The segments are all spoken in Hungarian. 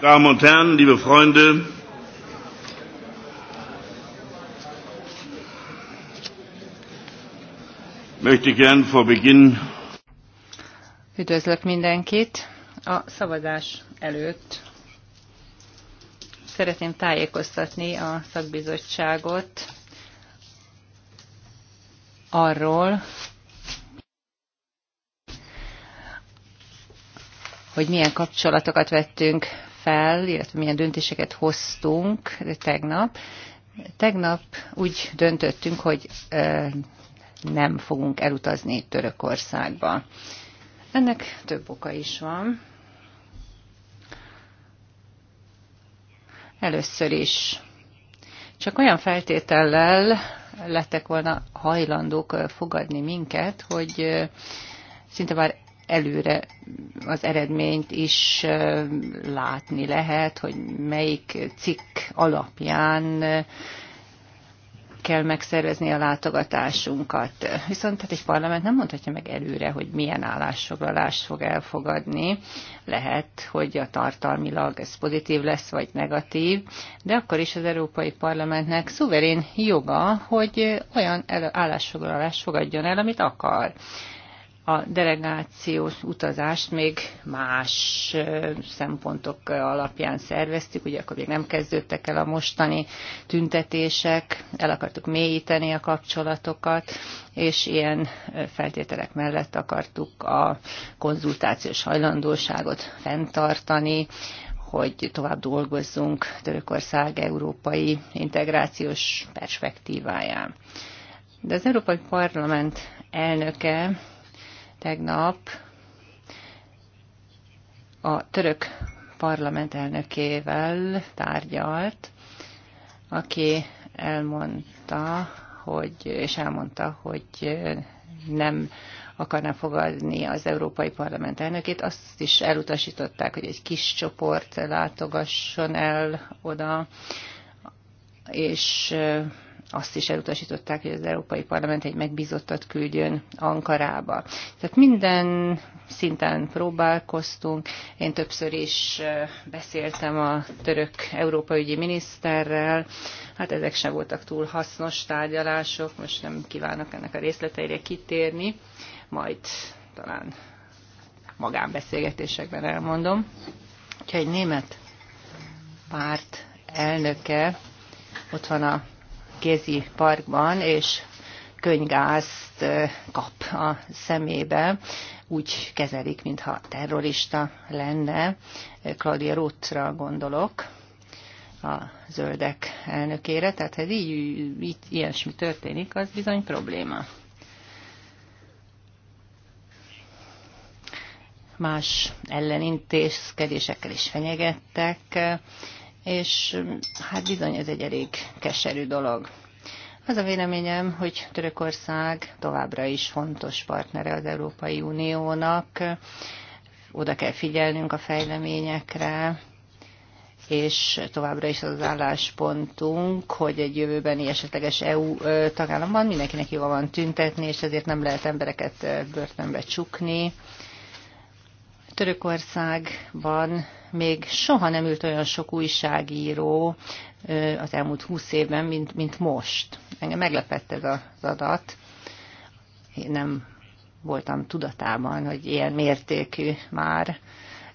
Damen und Herren, liebe Freunde, möchte gern vor Beginn Üdvözlök mindenkit! A szavazás előtt szeretném tájékoztatni a szakbizottságot arról, hogy milyen kapcsolatokat vettünk fel, illetve milyen döntéseket hoztunk tegnap. Tegnap úgy döntöttünk, hogy nem fogunk elutazni Törökországba. Ennek több oka is van. Először is csak olyan feltétellel lettek volna hajlandók fogadni minket, hogy szinte már előre az eredményt is látni lehet, hogy melyik cikk alapján kell megszervezni a látogatásunkat. Viszont tehát egy parlament nem mondhatja meg előre, hogy milyen állásfoglalást fog elfogadni. Lehet, hogy a tartalmilag ez pozitív lesz, vagy negatív, de akkor is az Európai Parlamentnek szuverén joga, hogy olyan állásfoglalást fogadjon el, amit akar a delegációs utazást még más szempontok alapján szerveztük, ugye akkor még nem kezdődtek el a mostani tüntetések, el akartuk mélyíteni a kapcsolatokat, és ilyen feltételek mellett akartuk a konzultációs hajlandóságot fenntartani, hogy tovább dolgozzunk Törökország európai integrációs perspektíváján. De az Európai Parlament elnöke Tegnap a török parlament elnökével tárgyalt, aki elmondta, hogy, és elmondta, hogy nem akarná fogadni az Európai Parlament elnökét. Azt is elutasították, hogy egy kis csoport látogasson el oda, és azt is elutasították, hogy az Európai Parlament egy megbízottat küldjön Ankarába. Tehát minden szinten próbálkoztunk. Én többször is beszéltem a török európai ügyi miniszterrel. Hát ezek sem voltak túl hasznos tárgyalások, most nem kívánok ennek a részleteire kitérni, majd talán magánbeszélgetésekben elmondom. Úgyhogy egy német párt elnöke ott van a kézi parkban, és könygázt kap a szemébe. Úgy kezelik, mintha terrorista lenne. Claudia Rothra gondolok, a zöldek elnökére. Tehát ha így, így ilyesmi történik, az bizony probléma. Más ellenintézkedésekkel is fenyegettek és mm, hát bizony ez egy elég keserű dolog. Az a véleményem, hogy Törökország továbbra is fontos partnere az Európai Uniónak, oda kell figyelnünk a fejleményekre, és továbbra is az álláspontunk, hogy egy jövőbeni esetleges EU tagállamban mindenkinek jó van tüntetni, és ezért nem lehet embereket börtönbe csukni. Törökországban még soha nem ült olyan sok újságíró az elmúlt húsz évben, mint, mint most. Engem meglepett ez az adat. Én nem voltam tudatában, hogy ilyen mértékű már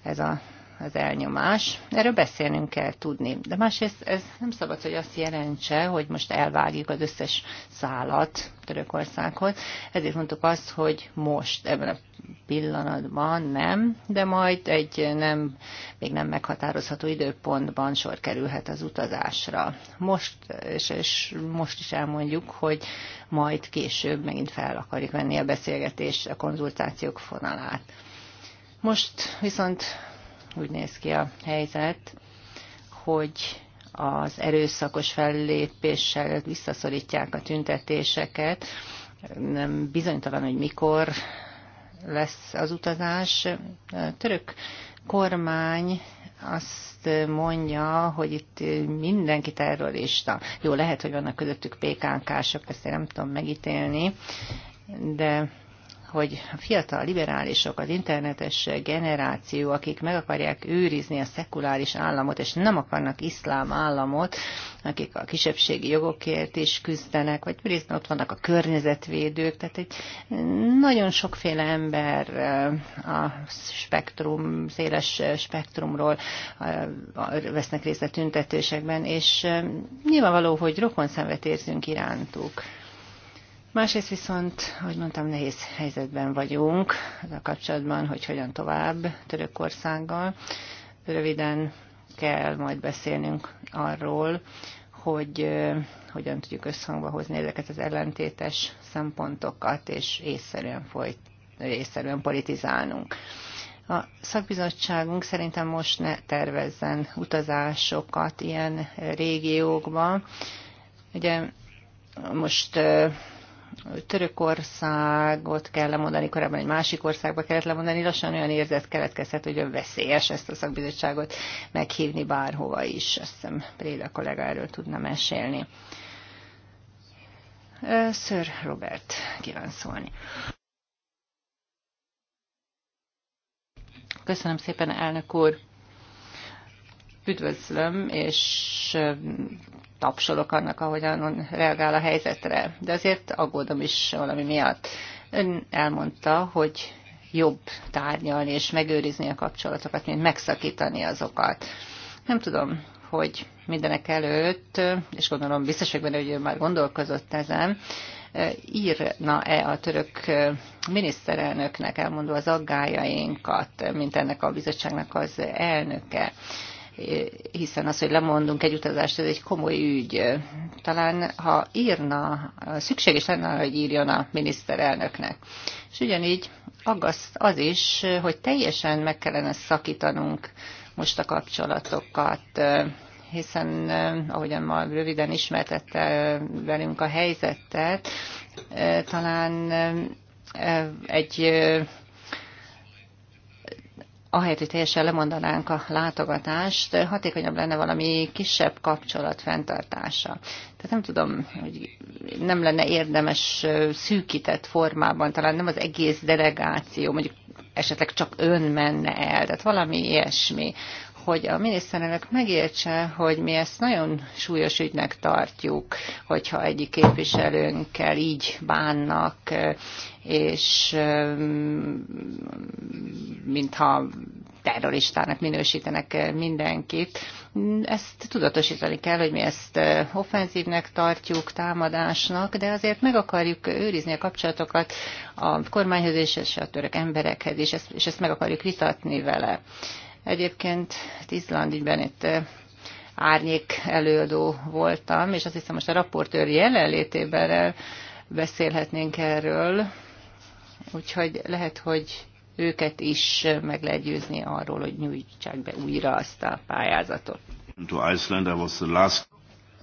ez a az elnyomás. Erről beszélnünk kell tudni. De másrészt ez nem szabad, hogy azt jelentse, hogy most elvágjuk az összes szállat Törökországhoz. Ezért mondtuk azt, hogy most, ebben a pillanatban nem, de majd egy nem, még nem meghatározható időpontban sor kerülhet az utazásra. Most, és, és most is elmondjuk, hogy majd később megint fel akarjuk venni a beszélgetés, a konzultációk fonalát. Most viszont úgy néz ki a helyzet, hogy az erőszakos fellépéssel visszaszorítják a tüntetéseket. Nem bizonytalan, hogy mikor lesz az utazás. A török kormány azt mondja, hogy itt mindenki terrorista. Jó, lehet, hogy vannak közöttük PKK-sok, ezt én nem tudom megítélni, de hogy a fiatal liberálisok, az internetes generáció, akik meg akarják őrizni a szekuláris államot, és nem akarnak iszlám államot, akik a kisebbségi jogokért is küzdenek, vagy részben ott vannak a környezetvédők, tehát egy nagyon sokféle ember eh, a spektrum, széles spektrumról eh, vesznek részt a tüntetésekben, és eh, nyilvánvaló, hogy rokon szenvet érzünk irántuk. Másrészt viszont, ahogy mondtam, nehéz helyzetben vagyunk a kapcsolatban, hogy hogyan tovább Törökországgal. Röviden kell majd beszélnünk arról, hogy hogyan tudjuk összhangba hozni ezeket az ellentétes szempontokat, és észszerűen, folyt, észszerűen politizálnunk. A szakbizottságunk szerintem most ne tervezzen utazásokat ilyen régiókba. Ugye most Törökországot kell lemondani, korábban egy másik országba kellett lemondani, lassan olyan érzet keletkezhet, hogy veszélyes ezt a szakbizottságot meghívni bárhova is. Azt hiszem, Préda kollega erről tudna mesélni. Sir Robert kíván szólni. Köszönöm szépen, elnök úr! Üdvözlöm, és tapsolok annak, ahogyan reagál a helyzetre, de azért aggódom is valami miatt. Ön elmondta, hogy jobb tárgyalni és megőrizni a kapcsolatokat, mint megszakítani azokat. Nem tudom, hogy mindenek előtt, és gondolom biztos vagyok benne, hogy ő már gondolkozott ezen, írna-e a török miniszterelnöknek elmondva az aggájainkat, mint ennek a bizottságnak az elnöke hiszen az, hogy lemondunk egy utazást, ez egy komoly ügy. Talán ha írna, szükséges lenne, hogy írjon a miniszterelnöknek. És ugyanígy aggaszt az is, hogy teljesen meg kellene szakítanunk most a kapcsolatokat, hiszen ahogyan ma röviden ismertette velünk a helyzetet, talán egy ahelyett, hogy teljesen lemondanánk a látogatást, hatékonyabb lenne valami kisebb kapcsolat fenntartása. Tehát nem tudom, hogy nem lenne érdemes szűkített formában, talán nem az egész delegáció, mondjuk esetleg csak ön menne el, tehát valami ilyesmi, hogy a miniszterelnök megértse, hogy mi ezt nagyon súlyos ügynek tartjuk, hogyha egyik képviselőnkkel így bánnak, és mintha terroristának minősítenek mindenkit. Ezt tudatosítani kell, hogy mi ezt offenzívnek tartjuk, támadásnak, de azért meg akarjuk őrizni a kapcsolatokat a kormányhoz és a török emberekhez, és ezt, és ezt meg akarjuk vitatni vele. Egyébként hát Izland ügyben itt árnyék előadó voltam, és azt hiszem most a raportőr jelenlétében beszélhetnénk erről, úgyhogy lehet, hogy őket is meg lehet győzni arról, hogy nyújtsák be újra azt a pályázatot.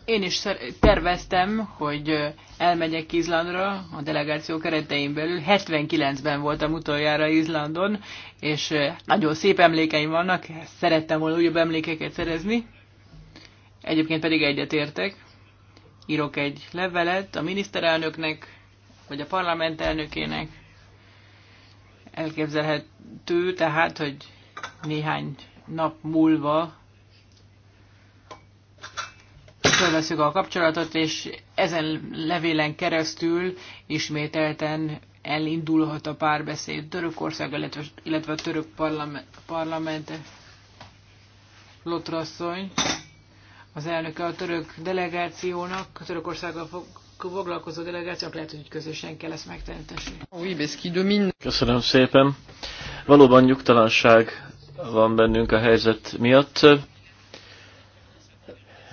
Én is terveztem, hogy elmegyek Izlandra a delegáció keretein belül. 79-ben voltam utoljára Izlandon, és nagyon szép emlékeim vannak, szerettem volna újabb emlékeket szerezni. Egyébként pedig egyetértek. Írok egy levelet a miniszterelnöknek, vagy a parlament elnökének, Elképzelhető tehát, hogy néhány nap múlva fölveszük a kapcsolatot, és ezen levélen keresztül ismételten elindulhat a párbeszéd Törökország, illetve, illetve a török parlament, parlament Lotrasszony, az elnöke a török delegációnak, a Törökországgal foglalkozó delegációk lehet, hogy közösen kell ezt megteremteni. Köszönöm szépen. Valóban nyugtalanság van bennünk a helyzet miatt,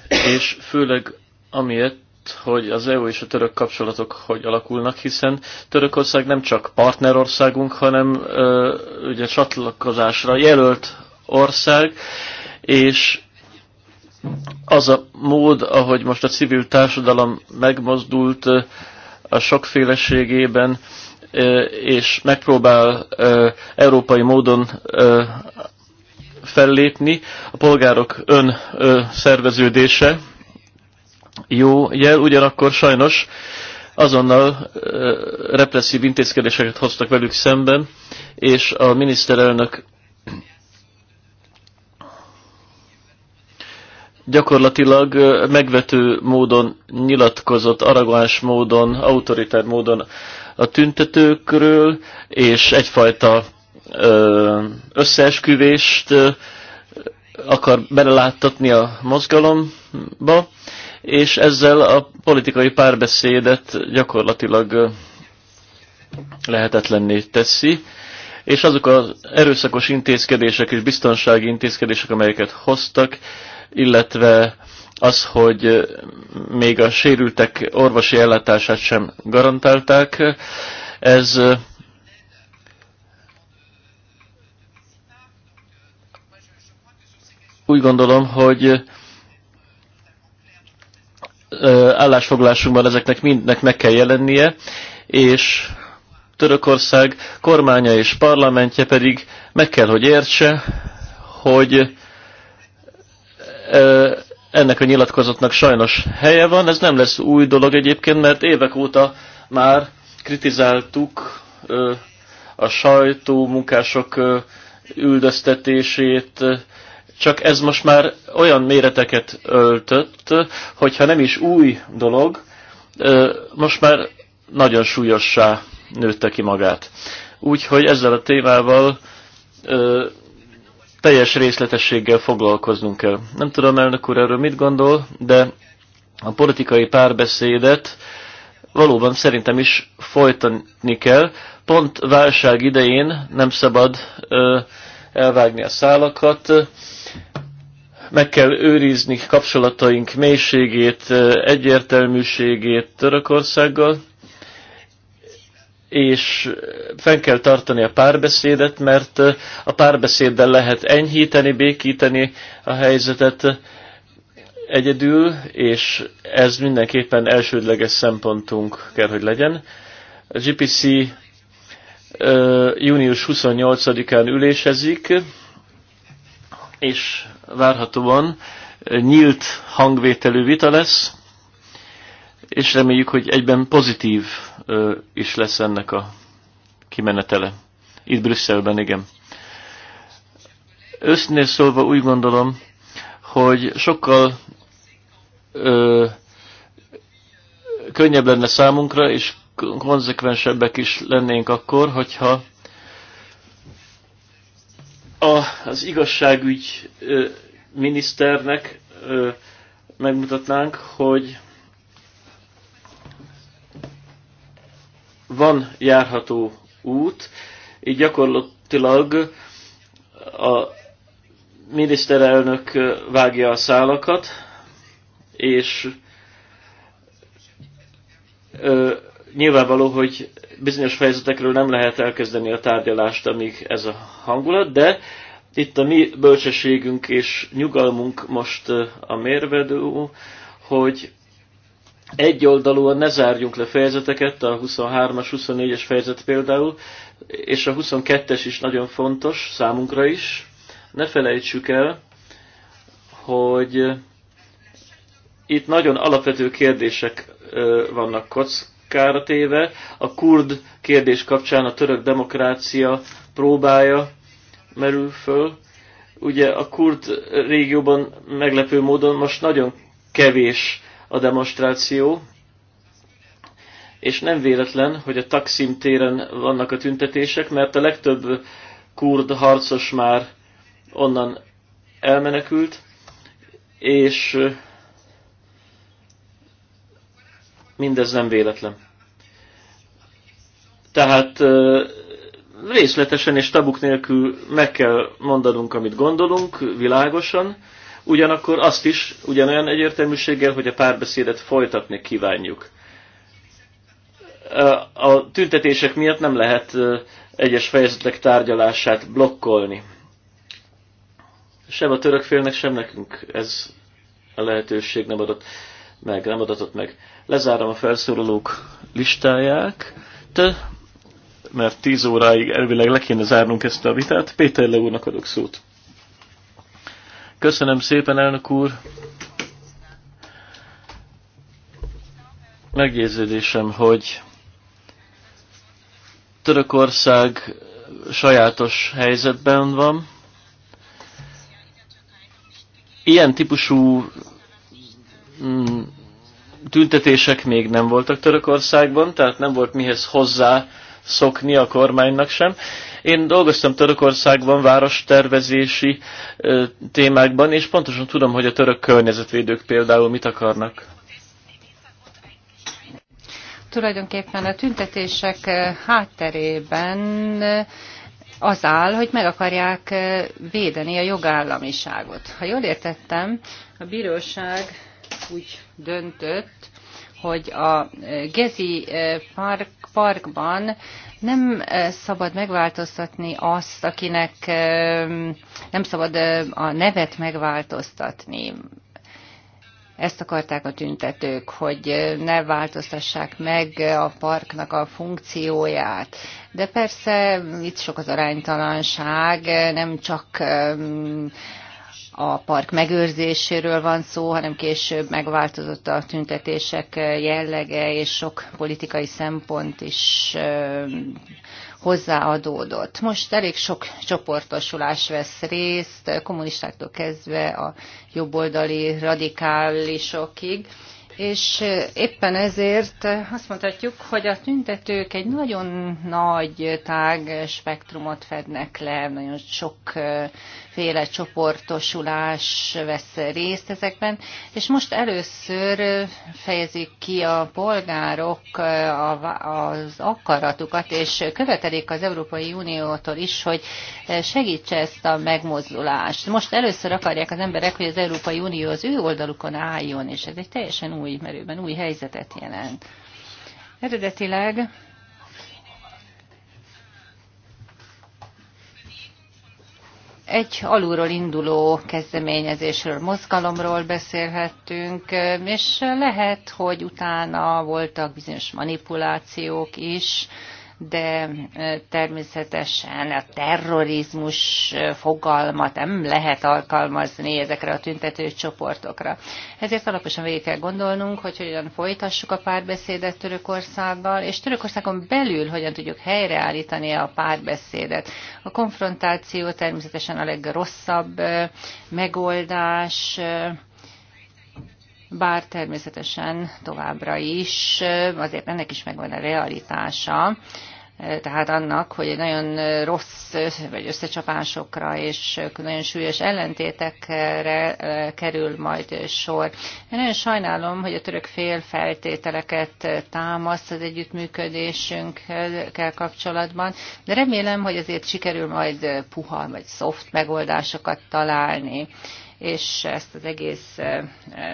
és főleg amiért, hogy az EU és a török kapcsolatok hogy alakulnak, hiszen Törökország nem csak partnerországunk, hanem ö, ugye csatlakozásra jelölt ország, és az a mód, ahogy most a civil társadalom megmozdult a sokféleségében, és megpróbál európai módon fellépni, a polgárok ön szerveződése jó jel, ugyanakkor sajnos azonnal represszív intézkedéseket hoztak velük szemben, és a miniszterelnök gyakorlatilag megvető módon nyilatkozott, aragváns módon, autoritár módon a tüntetőkről, és egyfajta összeesküvést akar beleláttatni a mozgalomba, és ezzel a politikai párbeszédet gyakorlatilag lehetetlenné teszi, és azok az erőszakos intézkedések és biztonsági intézkedések, amelyeket hoztak, illetve az, hogy még a sérültek orvosi ellátását sem garantálták. Ez úgy gondolom, hogy állásfoglásunkban ezeknek mindnek meg kell jelennie, és Törökország kormánya és parlamentje pedig meg kell, hogy értse, hogy ennek a nyilatkozatnak sajnos helye van. Ez nem lesz új dolog egyébként, mert évek óta már kritizáltuk a sajtó munkások üldöztetését, csak ez most már olyan méreteket öltött, hogyha nem is új dolog, most már nagyon súlyossá nőtte ki magát. Úgyhogy ezzel a témával teljes részletességgel foglalkoznunk kell. Nem tudom, elnök úr erről mit gondol, de a politikai párbeszédet valóban szerintem is folytani kell. Pont válság idején nem szabad ö, elvágni a szálakat, meg kell őrizni kapcsolataink mélységét, egyértelműségét Törökországgal, és fenn kell tartani a párbeszédet, mert a párbeszéddel lehet enyhíteni, békíteni a helyzetet egyedül, és ez mindenképpen elsődleges szempontunk kell, hogy legyen. A GPC június 28-án ülésezik, és várhatóan nyílt hangvételű vita lesz, és reméljük, hogy egyben pozitív ö, is lesz ennek a kimenetele. Itt Brüsszelben, igen. Őszintén szólva úgy gondolom, hogy sokkal ö, könnyebb lenne számunkra, és konzekvensebbek is lennénk akkor, hogyha a, az igazságügy ö, miniszternek ö, megmutatnánk, hogy van járható út, így gyakorlatilag a miniszterelnök vágja a szálakat, és ö, nyilvánvaló, hogy bizonyos fejezetekről nem lehet elkezdeni a tárgyalást, amíg ez a hangulat, de itt a mi bölcsességünk és nyugalmunk most a mérvedő, hogy oldalúan ne zárjunk le fejezeteket, a 23-as, 24-es fejezet például, és a 22-es is nagyon fontos számunkra is. Ne felejtsük el, hogy itt nagyon alapvető kérdések vannak kockára téve. A kurd kérdés kapcsán a török demokrácia próbája merül föl. Ugye a kurd régióban meglepő módon most nagyon kevés a demonstráció, és nem véletlen, hogy a Taksim téren vannak a tüntetések, mert a legtöbb kurd harcos már onnan elmenekült, és mindez nem véletlen. Tehát részletesen és tabuk nélkül meg kell mondanunk, amit gondolunk, világosan, ugyanakkor azt is ugyanolyan egyértelműséggel, hogy a párbeszédet folytatni kívánjuk. A tüntetések miatt nem lehet egyes fejezetek tárgyalását blokkolni. Sem a török félnek, sem nekünk ez a lehetőség nem adott meg, nem adatott meg. Lezárom a felszólalók listáját, te, mert 10 óráig elvileg le kéne zárnunk ezt a vitát. Péter Le adok szót. Köszönöm szépen, elnök úr! Meggyőződésem, hogy Törökország sajátos helyzetben van. Ilyen típusú mm, tüntetések még nem voltak Törökországban, tehát nem volt mihez hozzá szokni a kormánynak sem, én dolgoztam Törökországban várostervezési témákban, és pontosan tudom, hogy a török környezetvédők például mit akarnak tulajdonképpen a tüntetések hátterében az áll, hogy meg akarják védeni a jogállamiságot. Ha jól értettem, a bíróság úgy döntött, hogy a Gezi park, parkban nem eh, szabad megváltoztatni azt, akinek eh, nem szabad eh, a nevet megváltoztatni. Ezt akarták a tüntetők, hogy ne változtassák meg a parknak a funkcióját. De persze itt sok az aránytalanság, nem csak a park megőrzéséről van szó, hanem később megváltozott a tüntetések jellege, és sok politikai szempont is hozzáadódott. Most elég sok csoportosulás vesz részt, kommunistáktól kezdve a jobboldali radikálisokig, és éppen ezért azt mondhatjuk, hogy a tüntetők egy nagyon nagy tág spektrumot fednek le, nagyon sokféle csoportosulás vesz részt ezekben, és most először fejezik ki a polgárok az akaratukat, és követelik az Európai Uniótól is, hogy segítse ezt a megmozdulást. Most először akarják az emberek, hogy az Európai Unió az ő oldalukon álljon, és ez egy teljesen új új merőben új helyzetet jelent. Eredetileg egy alulról induló kezdeményezésről, mozgalomról beszélhettünk, és lehet, hogy utána voltak bizonyos manipulációk is, de természetesen a terrorizmus fogalmat nem lehet alkalmazni ezekre a tüntető csoportokra. Ezért alaposan végig kell gondolnunk, hogy hogyan folytassuk a párbeszédet Törökországgal, és Törökországon belül hogyan tudjuk helyreállítani a párbeszédet. A konfrontáció természetesen a legrosszabb megoldás, bár természetesen továbbra is, azért ennek is megvan a realitása, tehát annak, hogy nagyon rossz vagy összecsapásokra és nagyon súlyos ellentétekre eh, kerül majd sor. Én nagyon sajnálom, hogy a török fél feltételeket támaszt az együttműködésünkkel kapcsolatban, de remélem, hogy azért sikerül majd puha vagy szoft megoldásokat találni és ezt az egész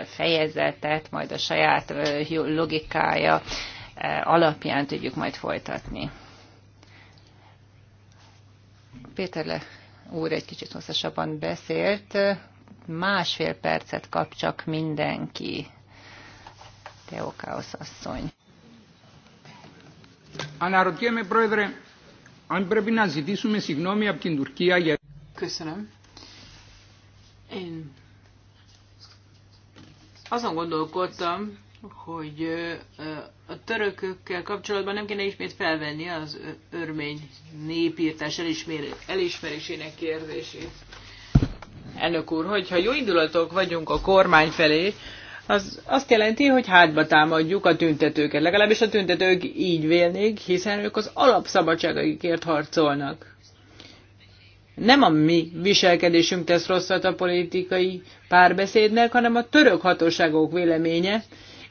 fejezetet majd a saját logikája alapján tudjuk majd folytatni. Péter Le úr egy kicsit hosszasabban beszélt, másfél percet kap csak mindenki. Teokáosz asszony. Köszönöm. Én azon gondolkodtam, hogy a törökökkel kapcsolatban nem kéne ismét felvenni az örmény népírtás elismerésének kérdését. Elnök úr, hogyha jó indulatok vagyunk a kormány felé, az azt jelenti, hogy hátba támadjuk a tüntetőket. Legalábbis a tüntetők így vélnék, hiszen ők az alapszabadságaikért harcolnak nem a mi viselkedésünk tesz rosszat a politikai párbeszédnek, hanem a török hatóságok véleménye,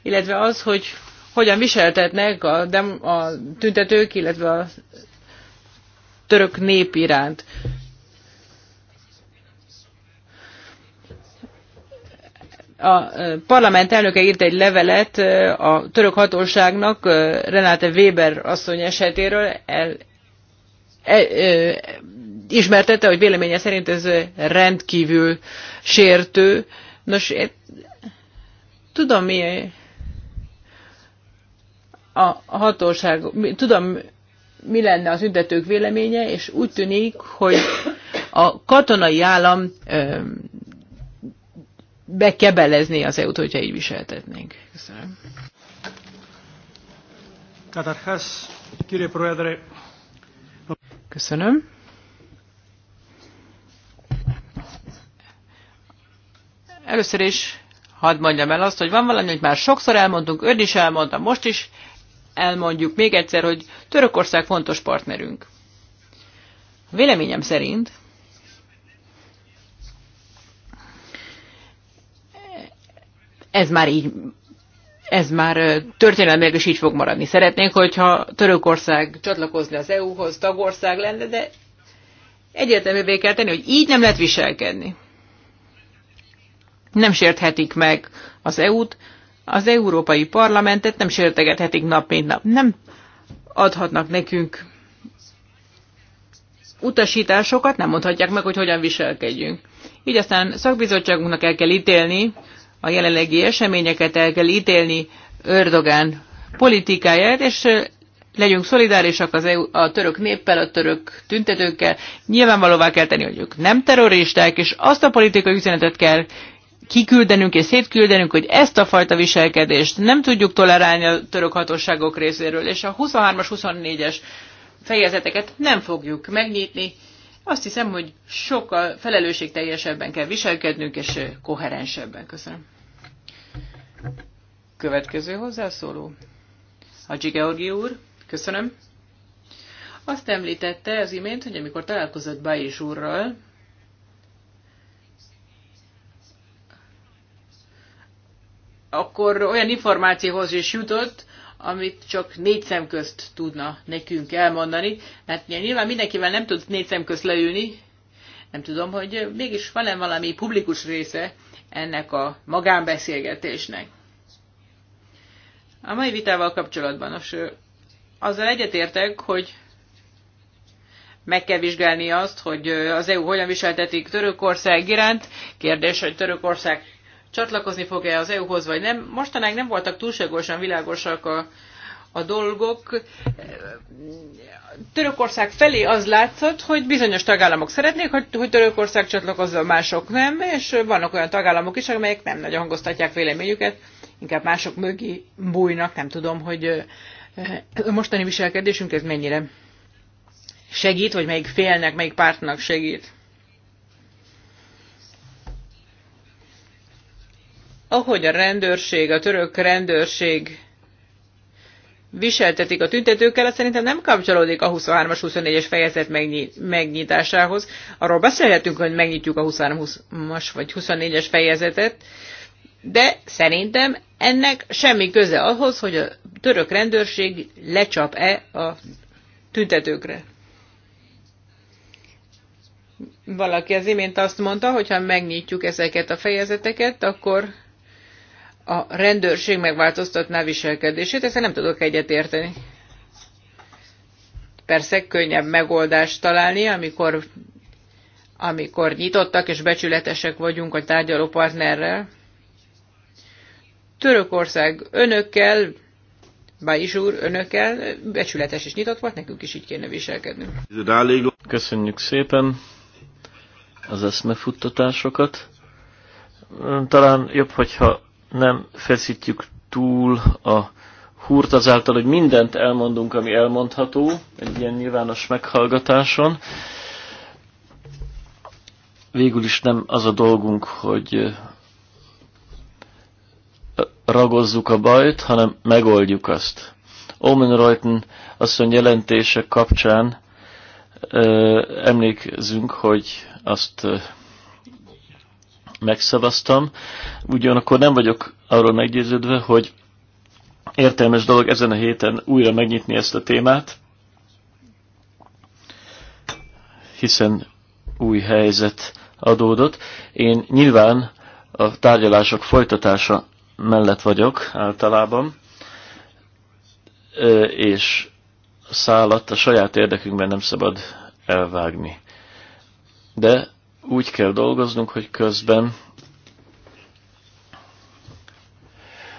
illetve az, hogy hogyan viseltetnek a, dem- a tüntetők, illetve a török nép iránt. a parlament elnöke írt egy levelet a török hatóságnak Renate Weber asszony esetéről. El, el, el, ismertette, hogy véleménye szerint ez rendkívül sértő. Nos, én tudom mi a hatóság, tudom mi lenne az üntetők véleménye, és úgy tűnik, hogy a katonai állam bekebelezné az EU-t, hogyha így viseltetnénk. Köszönöm. Köszönöm. Először is hadd mondjam el azt, hogy van valami, hogy már sokszor elmondtunk, ön is elmondta, most is elmondjuk még egyszer, hogy Törökország fontos partnerünk. Véleményem szerint ez már így ez már történelmileg is így fog maradni. Szeretnénk, hogyha Törökország csatlakozni az EU-hoz, tagország lenne, de egyértelművé kell tenni, hogy így nem lehet viselkedni nem sérthetik meg az EU-t, az Európai Parlamentet nem sértegethetik nap mint nap. Nem adhatnak nekünk utasításokat, nem mondhatják meg, hogy hogyan viselkedjünk. Így aztán szakbizottságunknak el kell ítélni, a jelenlegi eseményeket el kell ítélni Ördogán politikáját, és legyünk szolidárisak az EU, a török néppel, a török tüntetőkkel, nyilvánvalóvá kell tenni, hogy ők nem terroristák, és azt a politikai üzenetet kell kiküldenünk és szétküldenünk, hogy ezt a fajta viselkedést nem tudjuk tolerálni a török hatóságok részéről, és a 23-as, 24-es fejezeteket nem fogjuk megnyitni. Azt hiszem, hogy sokkal felelősségteljesebben kell viselkednünk, és koherensebben. Köszönöm. Következő hozzászóló. Hadzsi Georgi úr, köszönöm. Azt említette az imént, hogy amikor találkozott Bajis úrral, akkor olyan információhoz is jutott, amit csak négy szem közt tudna nekünk elmondani. Hát nyilván mindenkivel nem tud négy szem közt leülni, nem tudom, hogy mégis van-e valami publikus része ennek a magánbeszélgetésnek. A mai vitával kapcsolatban nos, azzal egyetértek, hogy meg kell vizsgálni azt, hogy az EU hogyan viseltetik Törökország iránt. Kérdés, hogy Törökország csatlakozni fog-e az EU-hoz, vagy nem. Mostanáig nem voltak túlságosan világosak a, a dolgok. Törökország felé az látszott, hogy bizonyos tagállamok szeretnék, hogy, hogy Törökország csatlakozza, mások nem, és vannak olyan tagállamok is, amelyek nem nagyon hangoztatják véleményüket, inkább mások mögé bújnak, nem tudom, hogy a mostani viselkedésünk ez mennyire segít, vagy melyik félnek, melyik pártnak segít. Ahogy a rendőrség, a török rendőrség viseltetik a tüntetőkkel, az szerintem nem kapcsolódik a 23-as, 24-es fejezet megnyitásához. Arról beszélhetünk, hogy megnyitjuk a 23-as vagy 24-es fejezetet, de szerintem ennek semmi köze ahhoz, hogy a török rendőrség lecsap-e a tüntetőkre. Valaki az imént azt mondta, hogy ha megnyitjuk ezeket a fejezeteket, akkor a rendőrség megváltoztatná viselkedését, ezt nem tudok egyetérteni. Persze könnyebb megoldást találni, amikor, amikor nyitottak és becsületesek vagyunk a tárgyaló partnerrel. Törökország önökkel, Bajis úr, önökkel becsületes és nyitott volt, nekünk is így kéne viselkednünk. Köszönjük szépen az eszmefuttatásokat. Talán jobb, hogyha nem feszítjük túl a húrt azáltal, hogy mindent elmondunk, ami elmondható egy ilyen nyilvános meghallgatáson. Végül is nem az a dolgunk, hogy ragozzuk a bajt, hanem megoldjuk azt. Omen Reuten asszony jelentése kapcsán ö, emlékezünk, hogy azt ö, megszavaztam, ugyanakkor nem vagyok arról meggyőződve, hogy értelmes dolog ezen a héten újra megnyitni ezt a témát, hiszen új helyzet adódott. Én nyilván a tárgyalások folytatása mellett vagyok általában, és szállat a saját érdekünkben nem szabad elvágni. De úgy kell dolgoznunk, hogy közben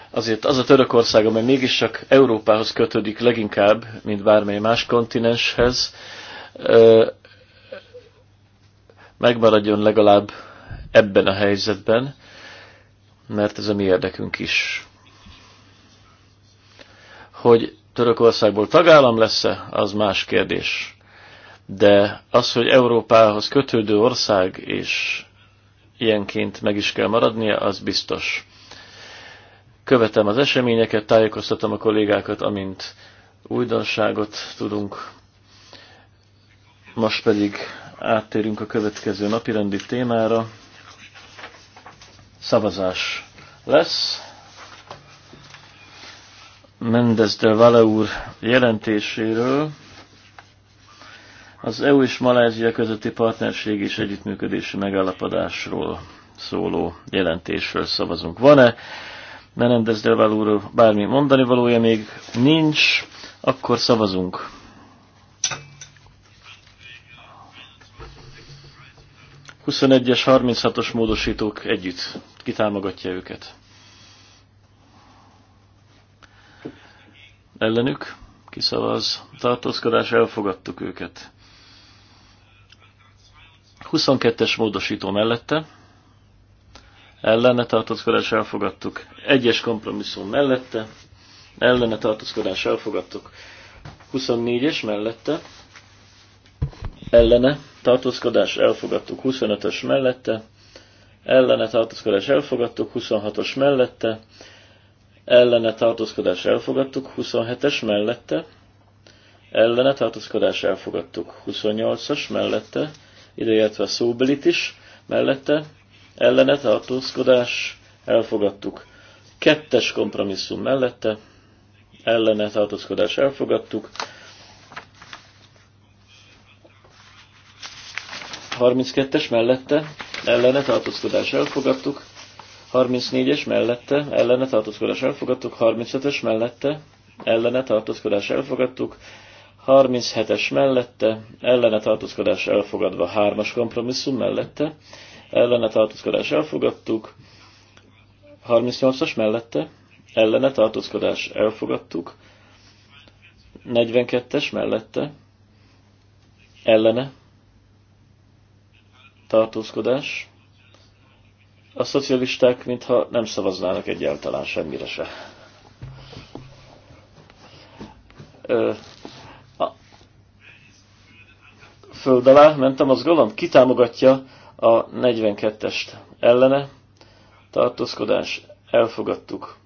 azért az a Törökország, amely mégis csak Európához kötődik leginkább, mint bármely más kontinenshez, megmaradjon legalább ebben a helyzetben, mert ez a mi érdekünk is. Hogy Törökországból tagállam lesz-e, az más kérdés de az, hogy Európához kötődő ország és ilyenként meg is kell maradnia, az biztos. Követem az eseményeket, tájékoztatom a kollégákat, amint újdonságot tudunk. Most pedig áttérünk a következő napirendi témára. Szavazás lesz. Mendez de Vale úr jelentéséről. Az EU és Malázia közötti partnerség és együttműködési megállapodásról szóló jelentésről szavazunk. Van-e Menendez Delval bármi mondani valója még nincs, akkor szavazunk. es 36-os módosítók együtt. kitámogatja őket? Ellenük kiszavaz. Tartózkodás, elfogadtuk őket. 22-es módosító mellette, ellene tartózkodás elfogadtuk. Egyes kompromisszum mellette, ellene tartózkodás elfogadtuk. 24-es mellette, ellene tartózkodás elfogadtuk. 25-ös mellette, ellene tartózkodás elfogadtuk. 26-os mellette, ellene tartózkodás elfogadtuk. 27-es mellette, ellene tartózkodás elfogadtuk. 28-as mellette, ideértve a szóbelit is mellette, ellene tartózkodás, elfogadtuk. Kettes kompromisszum mellette, ellene tartózkodás, elfogadtuk. 32-es mellette, ellene tartózkodás, elfogadtuk. 34-es mellette, ellene tartózkodás, elfogadtuk. 35-es mellette, ellene tartózkodás, elfogadtuk. 37-es mellette, ellene tartózkodás elfogadva, 3-as kompromisszum mellette, ellene tartózkodás elfogadtuk, 38-as mellette, ellene tartózkodás elfogadtuk, 42-es mellette, ellene tartózkodás. A szocialisták mintha nem szavaznának egyáltalán semmire se. Ö, föld alá ment a mozgalom, kitámogatja a 42-est ellene, tartózkodás, elfogadtuk.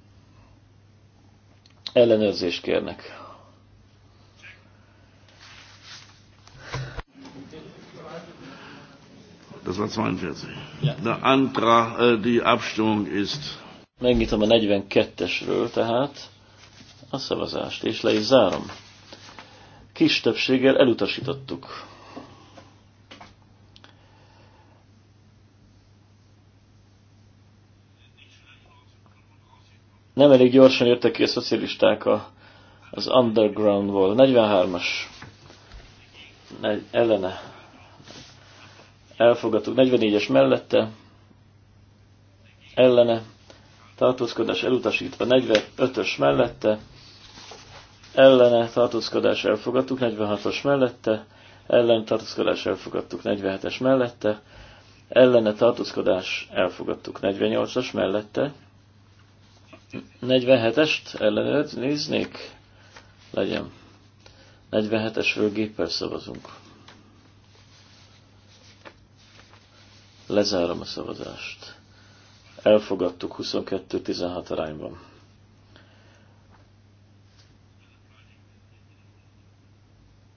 Ellenőrzést kérnek. Das war 42. Ja. Der Antrag, äh, die Abstimmung ist. Megnyitom a 42-esről tehát a szavazást, és le is zárom. Kis többséggel elutasítottuk. Nem elég gyorsan jöttek ki a szocialisták a, az undergroundból. 43-as ellene elfogadtuk. 44-es mellette ellene tartózkodás elutasítva. 45-ös mellette ellene tartózkodás elfogadtuk. 46-os mellette ellen tartózkodás elfogadtuk. 47-es mellette ellene tartózkodás elfogadtuk. 48-as mellette 47-est néznék? Legyen. 47-esről géppel szavazunk. Lezárom a szavazást. Elfogadtuk 22-16 arányban.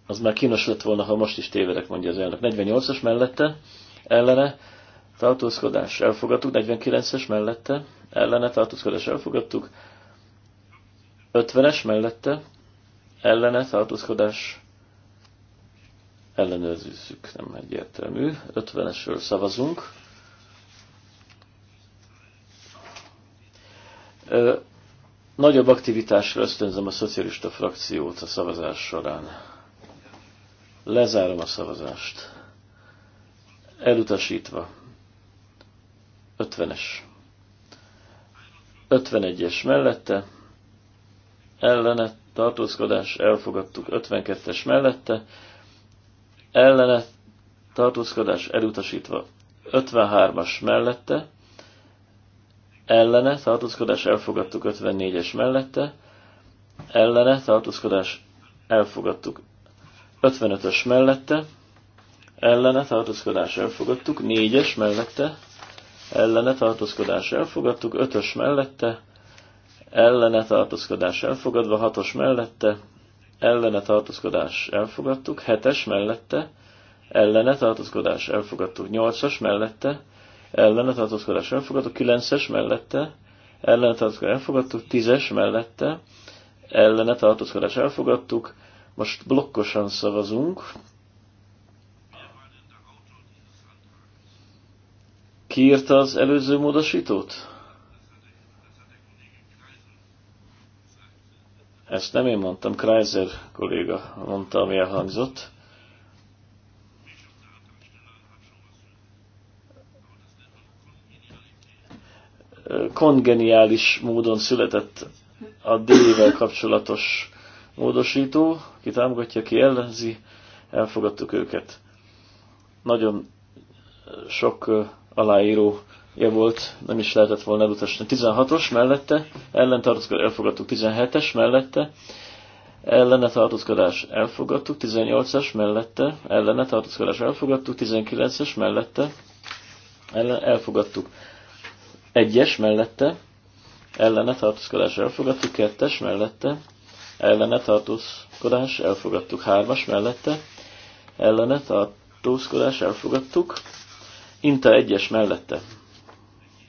Az már kínos lett volna, ha most is tévedek, mondja az elnök. 48-as mellette, ellene, tartózkodás elfogadtuk, 49-es mellette, ellene tartózkodás elfogadtuk, 50-es mellette, ellene tartózkodás ellenőrzőzzük nem egyértelmű, 50-esről szavazunk. Ö, nagyobb aktivitásra ösztönzöm a szocialista frakciót a szavazás során. Lezárom a szavazást. Elutasítva. 50-es. 51-es mellette, ellene tartózkodás, elfogadtuk 52-es mellette, ellene tartózkodás elutasítva 53-as mellette, ellene tartózkodás elfogadtuk 54-es mellette, ellene tartózkodás elfogadtuk 55-ös mellette, ellene tartózkodás elfogadtuk 4-es mellette, ellene tartózkodás elfogadtuk, ötös mellette, ellene tartózkodás elfogadva, hatos mellette, ellene tartózkodás elfogadtuk, hetes mellette, ellene tartózkodás elfogadtuk, nyolcas mellette, ellene tartózkodás elfogadtuk, kilences mellette, ellene tartózkodás elfogadtuk, tízes mellette, ellene tartózkodás elfogadtuk, most blokkosan szavazunk, kiírta az előző módosítót? Ezt nem én mondtam, Kreiser kolléga mondta, ami elhangzott. Kongeniális módon született a D-vel kapcsolatos módosító, ki támogatja, ki ellenzi, elfogadtuk őket. Nagyon sok aláírója volt, nem is lehetett volna elutasítani. 16-os mellette, ellentartózkodás elfogadtuk 17-es mellette, ellene tartózkodás elfogadtuk, 18-as mellette, ellene tartózkodás elfogadtuk, 19-es mellette, ellen, elfogadtuk. 1-es mellette, ellene tartózkodás elfogadtuk, 2-es mellette, ellene tartózkodás elfogadtuk, 3-as mellette, ellene tartózkodás elfogadtuk, Inta egyes mellette,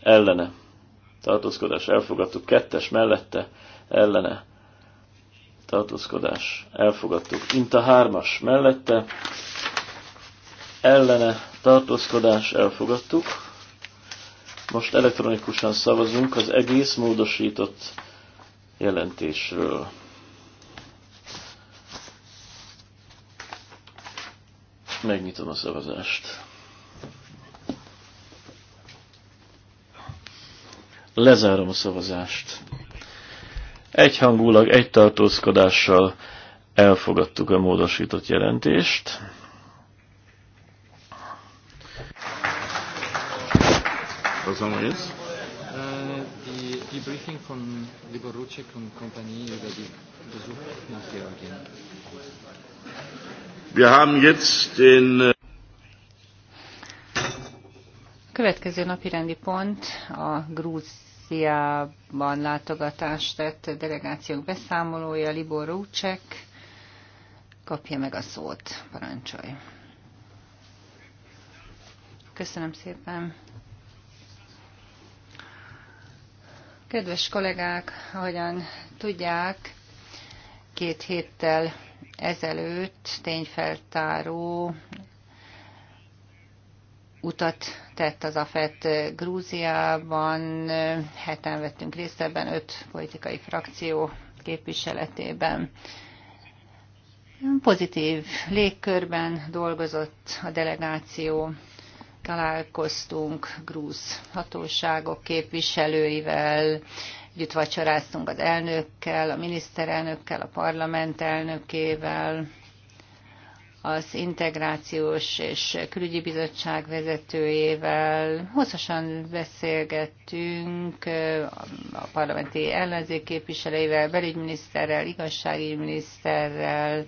ellene, tartózkodás, elfogadtuk. Kettes mellette, ellene, tartózkodás, elfogadtuk. Inta hármas mellette, ellene, tartózkodás, elfogadtuk. Most elektronikusan szavazunk az egész módosított jelentésről. Megnyitom a szavazást. Lezárom a szavazást. Egyhangulag, egy tartózkodással elfogadtuk a módosított jelentést. Uh, Wir haben jetzt den äh, Következő napi rendi pont a Grúziában látogatást tett delegációk beszámolója, Libor Rócsek. Kapja meg a szót, parancsolj. Köszönöm szépen. Kedves kollégák, ahogyan tudják, két héttel ezelőtt tényfeltáró utat tett az AFET Grúziában, heten vettünk részt ebben, öt politikai frakció képviseletében. Pozitív légkörben dolgozott a delegáció, találkoztunk grúz hatóságok képviselőivel, együtt vacsoráztunk az elnökkel, a miniszterelnökkel, a parlament elnökével, az Integrációs és Külügyi Bizottság vezetőjével. Hosszasan beszélgettünk a parlamenti ellenzék képviselőivel, belügyminiszterrel, igazságügyi miniszterrel,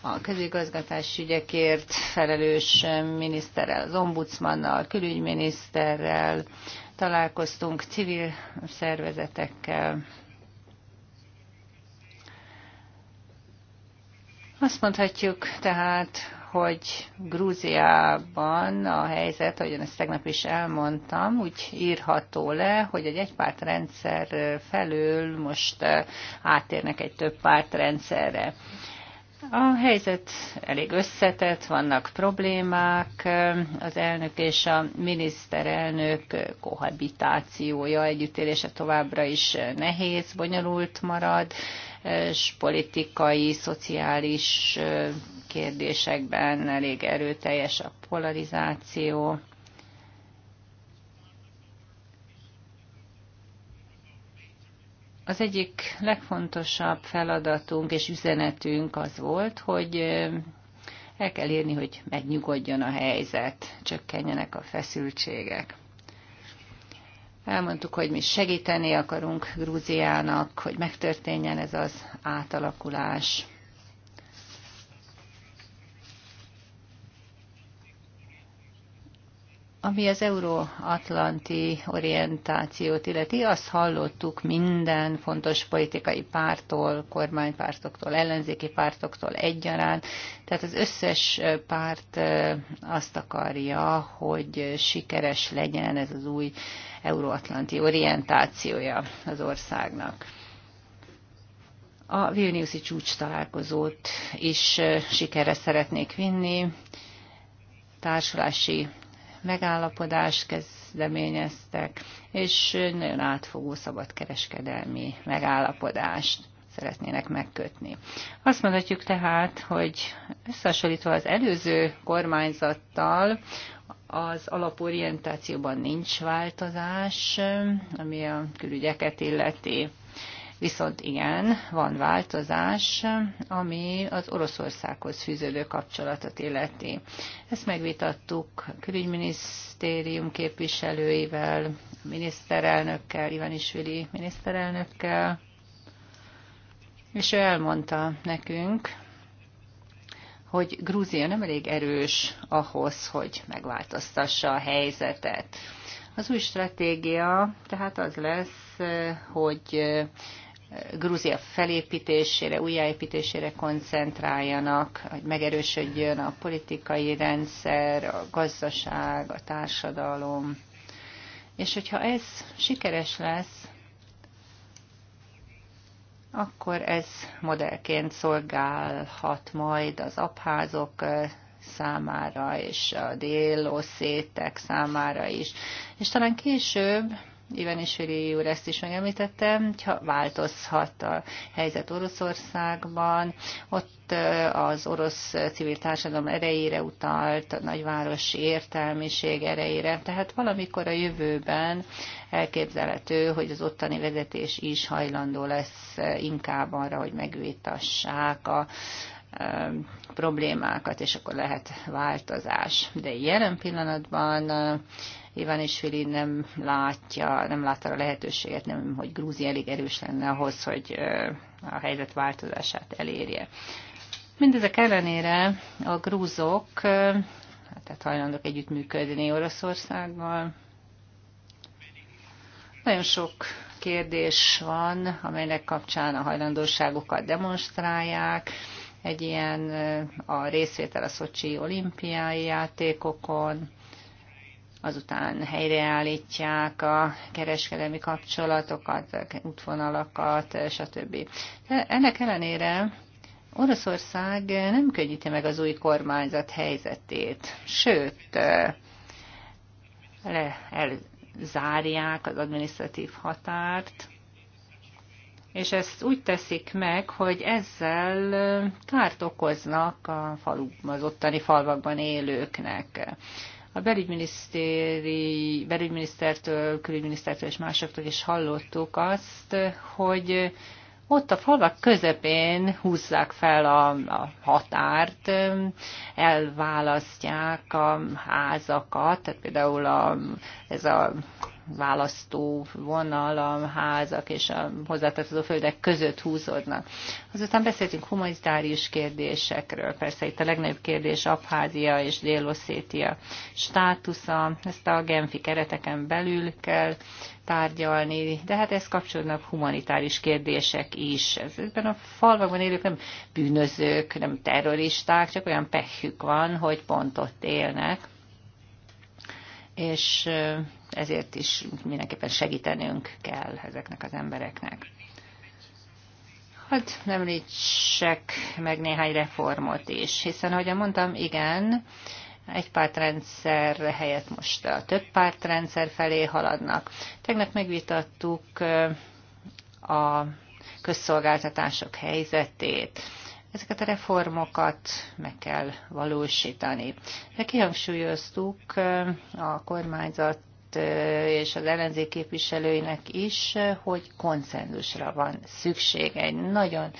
a közigazgatási ügyekért felelős miniszterrel, az ombudsmannal, külügyminiszterrel, találkoztunk civil szervezetekkel, Azt mondhatjuk tehát, hogy Grúziában a helyzet, ahogyan ezt tegnap is elmondtam, úgy írható le, hogy egy rendszer felől most eh, átérnek egy több rendszerre. A helyzet elég összetett, vannak problémák, eh, az elnök és a miniszterelnök kohabitációja, együttélése továbbra is nehéz, bonyolult marad, és politikai, szociális kérdésekben elég erőteljes a polarizáció. Az egyik legfontosabb feladatunk és üzenetünk az volt, hogy el kell érni, hogy megnyugodjon a helyzet, csökkenjenek a feszültségek. Elmondtuk, hogy mi segíteni akarunk Grúziának, hogy megtörténjen ez az átalakulás. Ami az euróatlanti orientációt illeti, azt hallottuk minden fontos politikai pártól, kormánypártoktól, ellenzéki pártoktól egyaránt. Tehát az összes párt azt akarja, hogy sikeres legyen ez az új euróatlanti orientációja az országnak. A Vilniuszi csúcs találkozót is sikerre szeretnék vinni. Társulási megállapodást kezdeményeztek, és nagyon átfogó szabadkereskedelmi megállapodást szeretnének megkötni. Azt mondhatjuk tehát, hogy összehasonlítva az előző kormányzattal, az alaporientációban nincs változás, ami a külügyeket illeti. Viszont igen, van változás, ami az Oroszországhoz fűződő kapcsolatot illeti. Ezt megvitattuk külügyminisztérium képviselőivel, miniszterelnökkel, Ivanisvili miniszterelnökkel, és ő elmondta nekünk, hogy Grúzia nem elég erős ahhoz, hogy megváltoztassa a helyzetet. Az új stratégia tehát az lesz, hogy Grúzia felépítésére, újjáépítésére koncentráljanak, hogy megerősödjön a politikai rendszer, a gazdaság, a társadalom. És hogyha ez sikeres lesz, akkor ez modellként szolgálhat majd az abházok számára és a déloszétek számára is. És talán később és úr ezt is megemlítettem, hogyha változhat a helyzet Oroszországban, ott az orosz civil társadalom erejére utalt, a nagyvárosi értelmiség erejére, tehát valamikor a jövőben elképzelhető, hogy az ottani vezetés is hajlandó lesz inkább arra, hogy megvitassák a problémákat, és akkor lehet változás. De jelen pillanatban és Fili nem látja, nem látta a lehetőséget, nem, hogy Grúzia elég erős lenne ahhoz, hogy a helyzet változását elérje. Mindezek ellenére a grúzok, tehát hajlandók együttműködni Oroszországgal. Nagyon sok kérdés van, amelynek kapcsán a hajlandóságokat demonstrálják. Egy ilyen a részvétel a Szocsi olimpiai játékokon, azután helyreállítják a kereskedelmi kapcsolatokat, útvonalakat, stb. De ennek ellenére Oroszország nem könnyíti meg az új kormányzat helyzetét, sőt, le, elzárják az administratív határt, és ezt úgy teszik meg, hogy ezzel kárt okoznak a falu, az ottani falvakban élőknek. A belügyminisztertől, külügyminisztertől és másoktól is hallottuk azt, hogy ott a falvak közepén húzzák fel a, a határt, elválasztják a házakat, tehát például a, ez a választó vonal a házak és a hozzátartozó földek között húzódnak. Azután beszéltünk humanitárius kérdésekről, persze itt a legnagyobb kérdés Abházia és dél státusza, ezt a Genfi kereteken belül kell tárgyalni, de hát ez kapcsolódnak humanitáris kérdések is. Ezekben a falvakban élők nem bűnözők, nem terroristák, csak olyan pehjük van, hogy pont ott élnek. És ezért is mindenképpen segítenünk kell ezeknek az embereknek. Hát nem lítsek meg néhány reformot is, hiszen, ahogy mondtam, igen, egy pártrendszer helyett most a több pártrendszer felé haladnak. Tegnap megvitattuk a közszolgáltatások helyzetét. Ezeket a reformokat meg kell valósítani. De kihangsúlyoztuk a kormányzat és az ellenzék képviselőinek is, hogy konszenzusra van szükség. Egy nagyon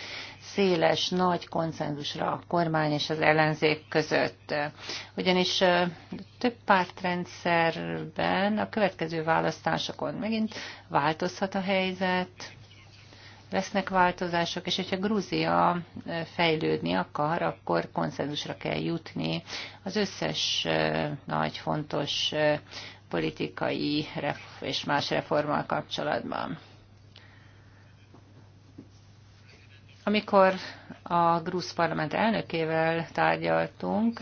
széles, nagy konszenzusra a kormány és az ellenzék között. Ugyanis több pártrendszerben a következő választásokon megint változhat a helyzet, lesznek változások, és hogyha Grúzia fejlődni akar, akkor konszenzusra kell jutni az összes nagy fontos politikai és más reformmal kapcsolatban. Amikor a grúz parlament elnökével tárgyaltunk,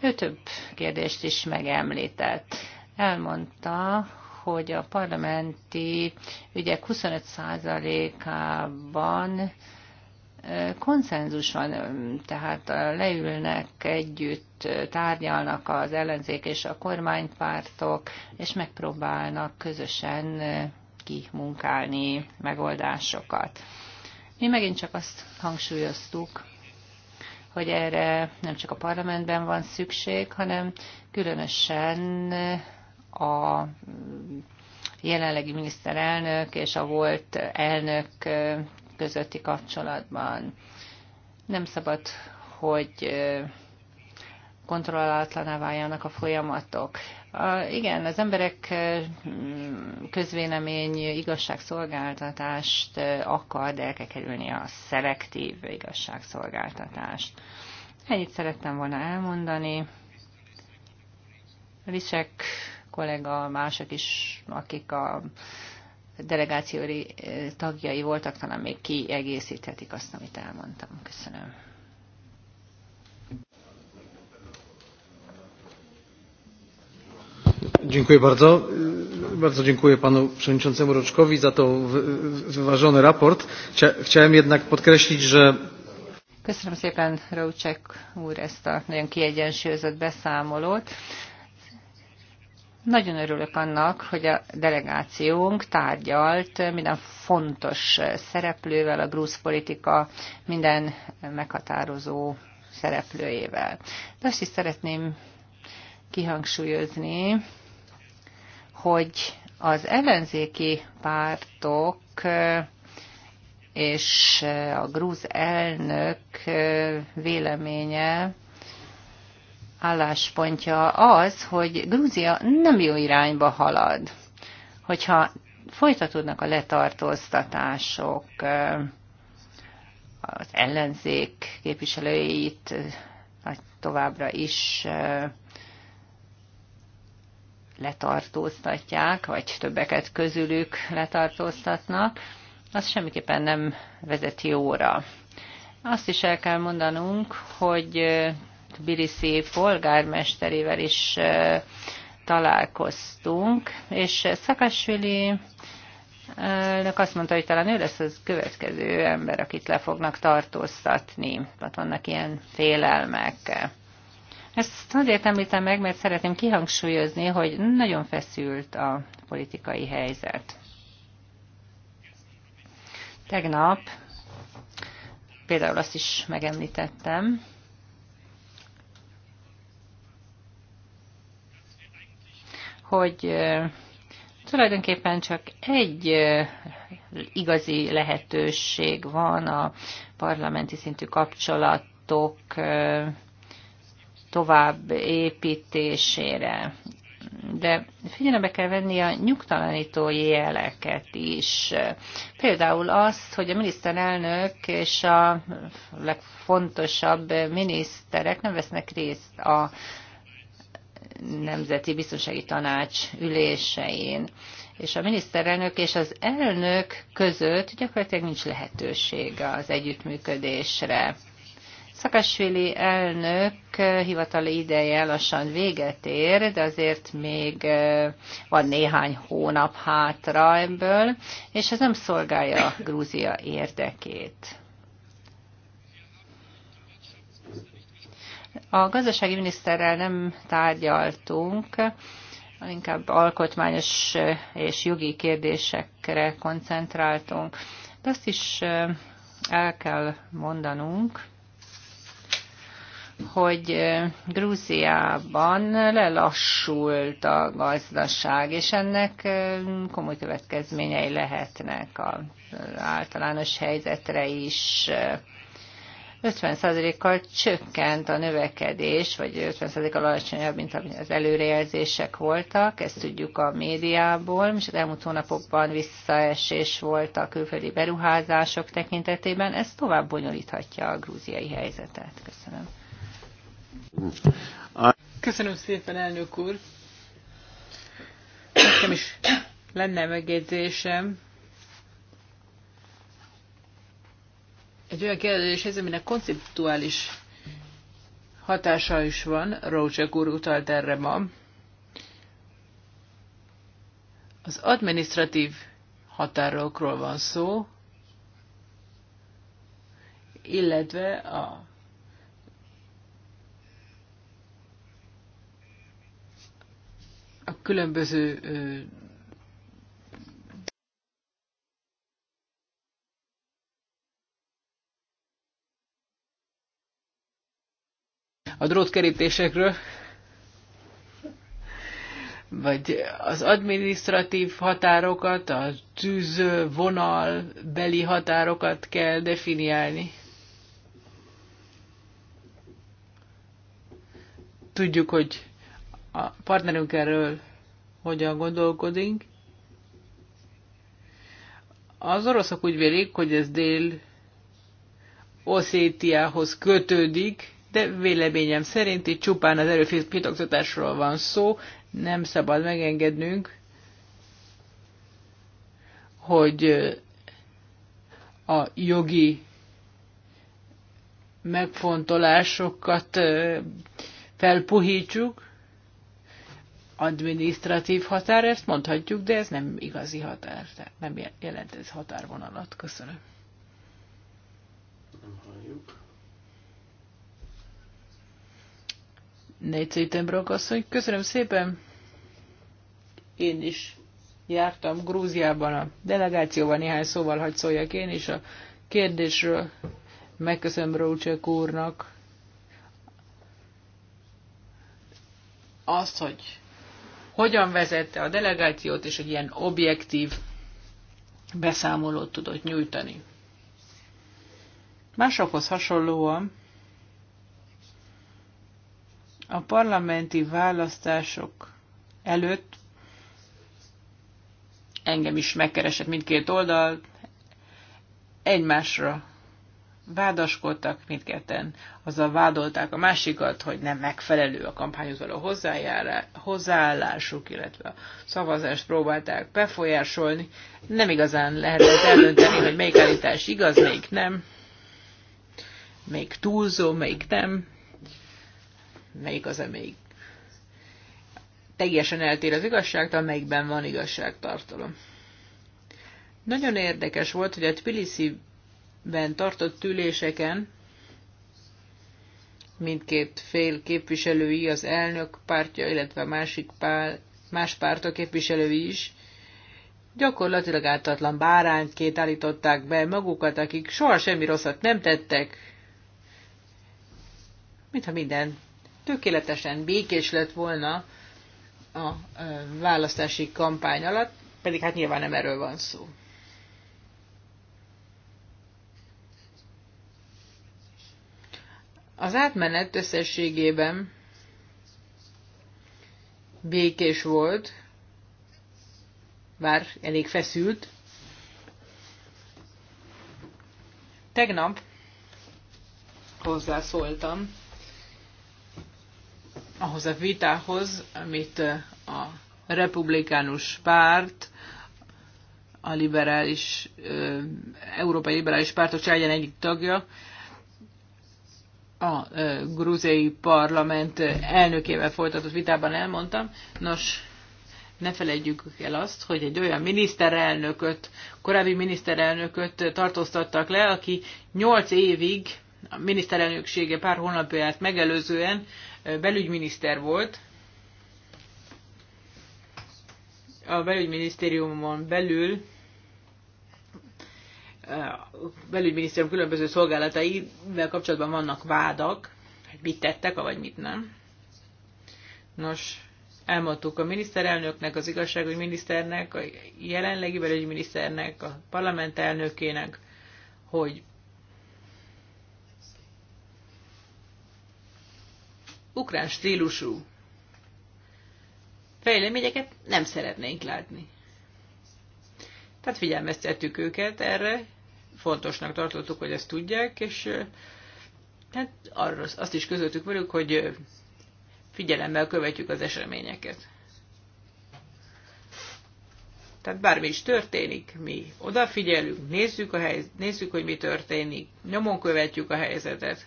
ő több kérdést is megemlített. Elmondta, hogy a parlamenti ügyek 25%-ában konszenzus van, tehát leülnek együtt, tárgyalnak az ellenzék és a kormánypártok, és megpróbálnak közösen kimunkálni megoldásokat. Mi megint csak azt hangsúlyoztuk, hogy erre nem csak a parlamentben van szükség, hanem különösen a jelenlegi miniszterelnök és a volt elnök közötti kapcsolatban. Nem szabad, hogy kontrollálatlaná váljanak a folyamatok. A, igen, az emberek közvélemény igazságszolgáltatást akar, de el kell kerülni a szelektív igazságszolgáltatást. Ennyit szerettem volna elmondani. Lisek kollega, mások is, akik a delegáció eh, tagjai voltak, talán még kiegészíthetik azt, amit elmondtam. Köszönöm. Dziękuję bardzo. Bardzo dziękuję panu przewodniczącemu Roczkowi za to wyważony raport. Chciałem jednak podkreślić, że Köszönöm szépen Rócsek úr ezt a nagyon kiegyensúlyozott beszámolót. Nagyon örülök annak, hogy a delegációnk tárgyalt minden fontos szereplővel, a grúz politika minden meghatározó szereplőjével. De azt is szeretném kihangsúlyozni, hogy az ellenzéki pártok és a grúz elnök véleménye álláspontja az, hogy Grúzia nem jó irányba halad. Hogyha folytatódnak a letartóztatások, az ellenzék képviselőit továbbra is letartóztatják, vagy többeket közülük letartóztatnak, az semmiképpen nem vezeti óra. Azt is el kell mondanunk, hogy Tbilisi polgármesterével is találkoztunk, és Szakasvili azt mondta, hogy talán ő lesz az következő ember, akit le fognak tartóztatni. Ott vannak ilyen félelmek. Ezt azért említem meg, mert szeretném kihangsúlyozni, hogy nagyon feszült a politikai helyzet. Tegnap például azt is megemlítettem, hogy tulajdonképpen csak egy igazi lehetőség van a parlamenti szintű kapcsolatok tovább építésére. De figyelembe kell venni a nyugtalanító jeleket is. Például azt, hogy a miniszterelnök és a legfontosabb miniszterek nem vesznek részt a Nemzeti Biztonsági Tanács ülésein. És a miniszterelnök és az elnök között gyakorlatilag nincs lehetőség az együttműködésre. Szakasvili elnök hivatali ideje lassan véget ér, de azért még van néhány hónap hátra ebből, és ez nem szolgálja Grúzia érdekét. A gazdasági miniszterrel nem tárgyaltunk, inkább alkotmányos és jogi kérdésekre koncentráltunk. De azt is el kell mondanunk, hogy Grúziában lelassult a gazdaság, és ennek komoly következményei lehetnek az általános helyzetre is. 50%-kal csökkent a növekedés, vagy 50%-kal alacsonyabb, mint az előrejelzések voltak, ezt tudjuk a médiából, és az elmúlt hónapokban visszaesés volt a külföldi beruházások tekintetében, ez tovább bonyolíthatja a grúziai helyzetet. Köszönöm. Köszönöm szépen, elnök úr. Nekem is lenne megjegyzésem egy olyan ez aminek konceptuális hatása is van, Roger úr utalt erre ma. Az administratív határokról van szó, illetve a a különböző a drótkerítésekről, vagy az administratív határokat, a vonal beli határokat kell definiálni. Tudjuk, hogy a partnerünk erről hogyan gondolkodik. Az oroszok úgy vélik, hogy ez dél Oszétiához kötődik, de véleményem szerint itt csupán az erőfitoktatásról van szó, nem szabad megengednünk, hogy a jogi megfontolásokat felpuhítsuk, administratív határ, ezt mondhatjuk, de ez nem igazi határ, tehát nem jelent ez határvonalat. Köszönöm. Négyszétenbrok asszony, köszönöm szépen. Én is jártam Grúziában a delegációban, néhány szóval hagy szóljak én is a kérdésről. Megköszönöm Rócsök úrnak azt, hogy hogyan vezette a delegációt, és egy ilyen objektív beszámolót tudott nyújtani. Másokhoz hasonlóan a parlamenti választások előtt engem is megkeresett mindkét oldal, egymásra vádaskodtak mindketten, azzal vádolták a másikat, hogy nem megfelelő a kampányhoz való hozzáállásuk, illetve a szavazást próbálták befolyásolni. Nem igazán lehetett eldönteni, hogy melyik állítás igaz, melyik nem, melyik túlzó, melyik nem melyik az, amelyik teljesen eltér az igazságtól, amelyikben van igazságtartalom. Nagyon érdekes volt, hogy a Tbilisi-ben tartott üléseken mindkét fél képviselői, az elnök pártja, illetve a másik pár, más pártok képviselői is gyakorlatilag ártatlan bárányként állították be magukat, akik soha semmi rosszat nem tettek, mintha minden tökéletesen békés lett volna a választási kampány alatt, pedig hát nyilván nem erről van szó. Az átmenet összességében békés volt, bár elég feszült. Tegnap hozzászóltam ahhoz a vitához, amit eh, a republikánus párt, a liberális, eh, európai liberális pártok csájján egyik tagja, a eh, grúziai parlament elnökével folytatott vitában elmondtam. Nos, ne felejtjük el azt, hogy egy olyan miniszterelnököt, korábbi miniszterelnököt tartóztattak le, aki 8 évig a miniszterelnöksége pár hónapját megelőzően belügyminiszter volt. A belügyminisztériumon belül a eh, belügyminisztérium különböző szolgálataivel kapcsolatban vannak vádak, hogy mit tettek, vagy mit nem. Nos, elmondtuk a miniszterelnöknek, az igazságügyi miniszternek, a jelenlegi belügyminiszternek, a parlament elnökének, hogy ukrán stílusú fejleményeket nem szeretnénk látni. Tehát figyelmeztettük őket erre, fontosnak tartottuk, hogy ezt tudják, és hát arra, azt is közöltük velük, hogy figyelemmel követjük az eseményeket. Tehát bármi is történik, mi odafigyelünk, nézzük, a helyz- nézzük hogy mi történik, nyomon követjük a helyzetet.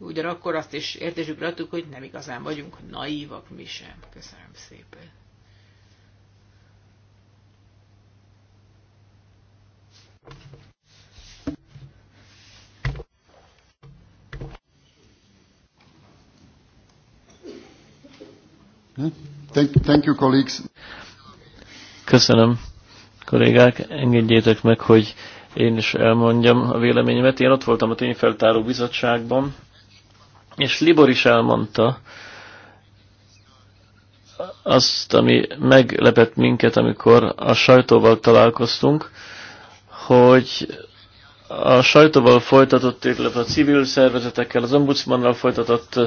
Ugyanakkor azt is értésükre adtuk, hogy nem igazán vagyunk naívak mi sem. Köszönöm szépen. Thank, thank you, colleagues. Köszönöm, kollégák. Engedjétek meg, hogy én is elmondjam a véleményemet. Én ott voltam a tényfeltáró bizottságban, és Libor is elmondta azt, ami meglepett minket, amikor a sajtóval találkoztunk, hogy a sajtóval folytatott, illetve a civil szervezetekkel, az ombudsmannal folytatott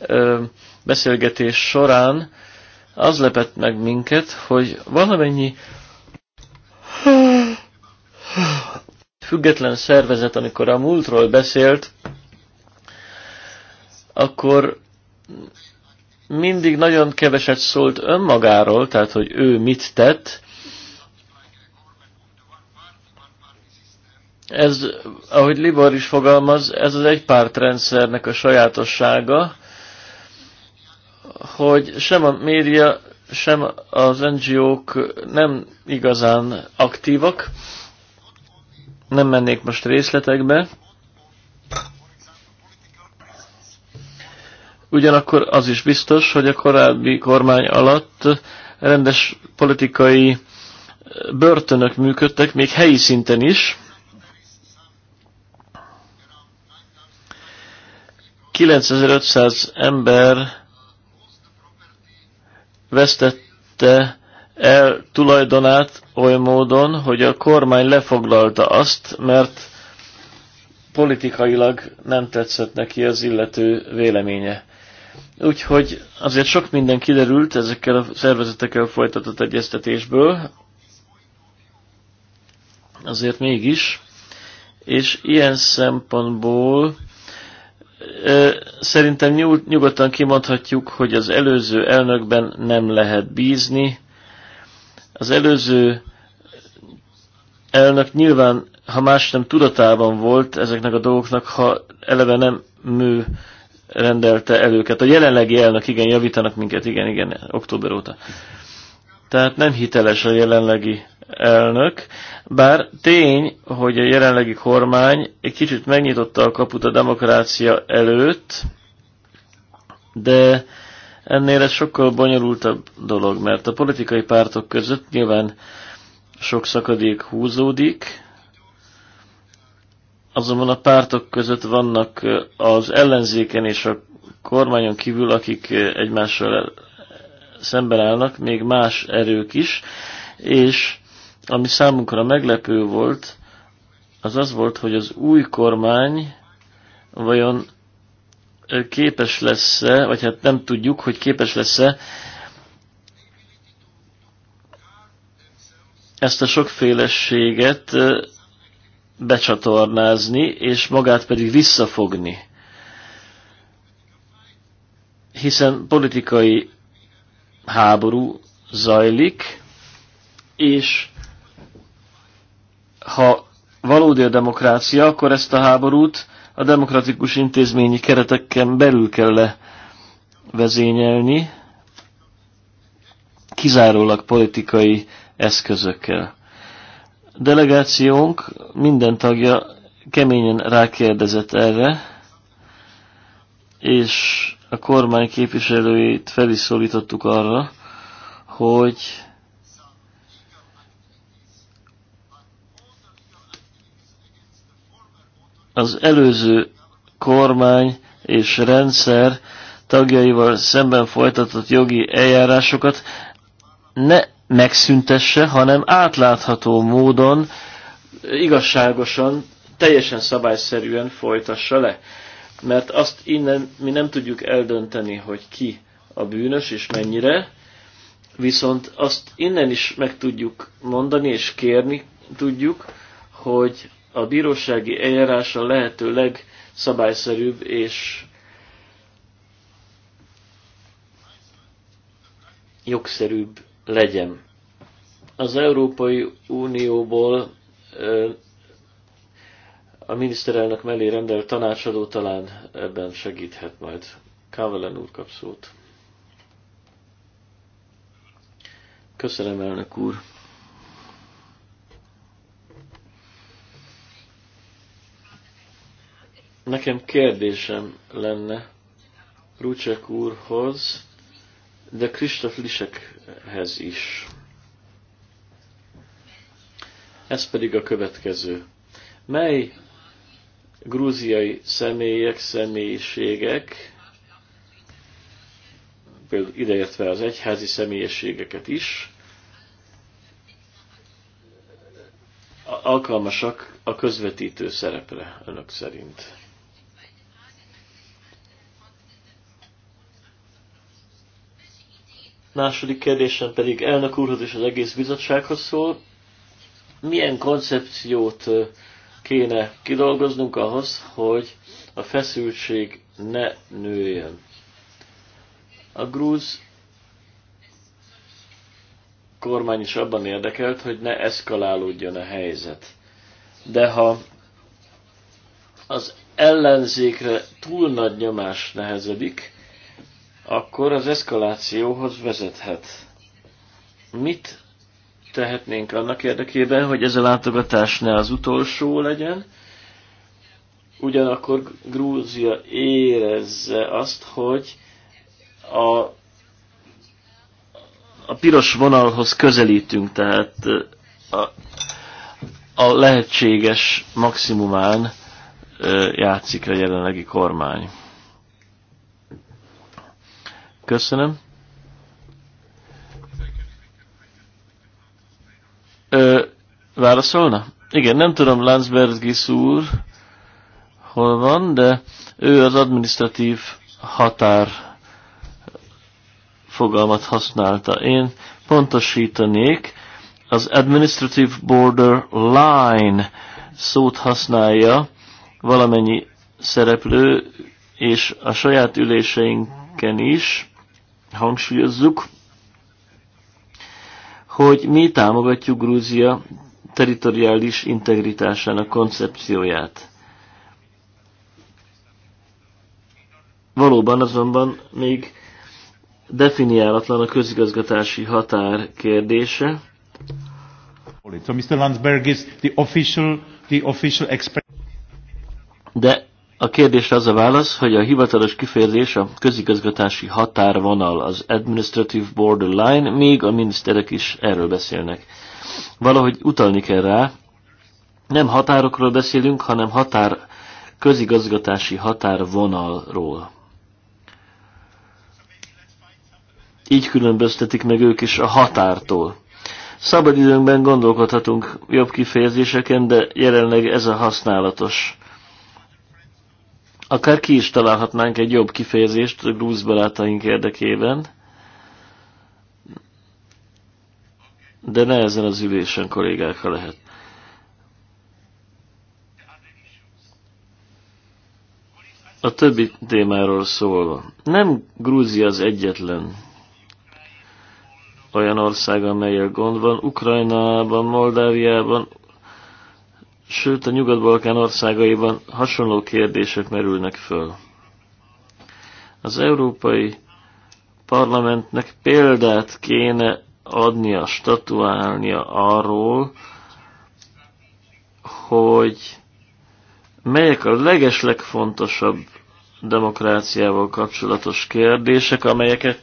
ö, beszélgetés során az lepett meg minket, hogy valamennyi független szervezet, amikor a múltról beszélt, akkor mindig nagyon keveset szólt önmagáról, tehát hogy ő mit tett. Ez, ahogy Libor is fogalmaz, ez az egypártrendszernek a sajátossága, hogy sem a média, sem az NGO-k nem igazán aktívak. Nem mennék most részletekbe. Ugyanakkor az is biztos, hogy a korábbi kormány alatt rendes politikai börtönök működtek, még helyi szinten is. 9500 ember vesztette el tulajdonát oly módon, hogy a kormány lefoglalta azt, mert politikailag nem tetszett neki az illető véleménye. Úgyhogy azért sok minden kiderült ezekkel a szervezetekkel folytatott egyeztetésből, azért mégis, és ilyen szempontból szerintem nyugodtan kimondhatjuk, hogy az előző elnökben nem lehet bízni. Az előző elnök nyilván, ha más nem tudatában volt ezeknek a dolgoknak, ha eleve nem mű rendelte el őket. A jelenlegi elnök, igen, javítanak minket, igen, igen, október óta. Tehát nem hiteles a jelenlegi elnök, bár tény, hogy a jelenlegi kormány egy kicsit megnyitotta a kaput a demokrácia előtt, de ennél ez sokkal bonyolultabb dolog, mert a politikai pártok között nyilván sok szakadék húzódik, Azonban a pártok között vannak az ellenzéken és a kormányon kívül, akik egymással szemben állnak, még más erők is, és ami számunkra meglepő volt, az az volt, hogy az új kormány vajon képes lesz-e, vagy hát nem tudjuk, hogy képes lesz-e ezt a sokféleséget becsatornázni, és magát pedig visszafogni. Hiszen politikai háború zajlik, és ha valódi a demokrácia, akkor ezt a háborút a demokratikus intézményi kereteken belül kell vezényelni, kizárólag politikai eszközökkel delegációnk minden tagja keményen rákérdezett erre, és a kormány képviselőit fel is szólítottuk arra, hogy az előző kormány és rendszer tagjaival szemben folytatott jogi eljárásokat ne megszüntesse, hanem átlátható módon, eh, igazságosan, teljesen szabályszerűen folytassa le. Mert azt innen mi nem tudjuk eldönteni, hogy ki a bűnös és mennyire, viszont azt innen is meg tudjuk mondani és kérni tudjuk, hogy a bírósági eljárás a lehető legszabályszerűbb és jogszerűbb legyen. Az Európai Unióból a miniszterelnök mellé rendelt tanácsadó talán ebben segíthet majd. Kávelen úr kap szót. Köszönöm, elnök úr. Nekem kérdésem lenne Rucsek úrhoz, de Kristof Lisekhez is. Ez pedig a következő. Mely grúziai személyek, személyiségek, például ideértve az egyházi személyiségeket is, alkalmasak a közvetítő szerepre önök szerint. Második kérdésem pedig elnök úrhoz és az egész bizottsághoz szól. Milyen koncepciót kéne kidolgoznunk ahhoz, hogy a feszültség ne nőjön? A grúz kormány is abban érdekelt, hogy ne eszkalálódjon a helyzet. De ha az ellenzékre túl nagy nyomás nehezedik, akkor az eszkalációhoz vezethet. Mit tehetnénk annak érdekében, hogy ez a látogatás ne az utolsó legyen, ugyanakkor Grúzia érezze azt, hogy a, a piros vonalhoz közelítünk, tehát a, a lehetséges maximumán játszik a jelenlegi kormány. Köszönöm. Ö, válaszolna? Igen, nem tudom Landsbergis úr hol van, de ő az administratív határ fogalmat használta. Én pontosítanék, az administrative border line szót használja valamennyi szereplő, és a saját üléseinken is hangsúlyozzuk, hogy mi támogatjuk Grúzia teritoriális integritásának koncepcióját. Valóban azonban még definiálatlan a közigazgatási határ kérdése. Mr. the official, the official expert. De a kérdésre az a válasz, hogy a hivatalos kifejezés a közigazgatási határvonal, az administrative borderline, még a miniszterek is erről beszélnek. Valahogy utalni kell rá, nem határokról beszélünk, hanem határ közigazgatási határvonalról. Így különböztetik meg ők is a határtól. Szabadidőnkben gondolkodhatunk jobb kifejezéseken, de jelenleg ez a használatos. Akár ki is találhatnánk egy jobb kifejezést a grúz barátaink érdekében, de ne ezen az ülésen kollégák, ha lehet. A többi témáról szólva. Nem Grúzia az egyetlen olyan ország, amelyel gond van. Ukrajnában, Moldáviában, sőt a Nyugat-Balkán országaiban hasonló kérdések merülnek föl. Az Európai Parlamentnek példát kéne adnia, statuálnia arról, hogy melyek a legeslegfontosabb demokráciával kapcsolatos kérdések, amelyeket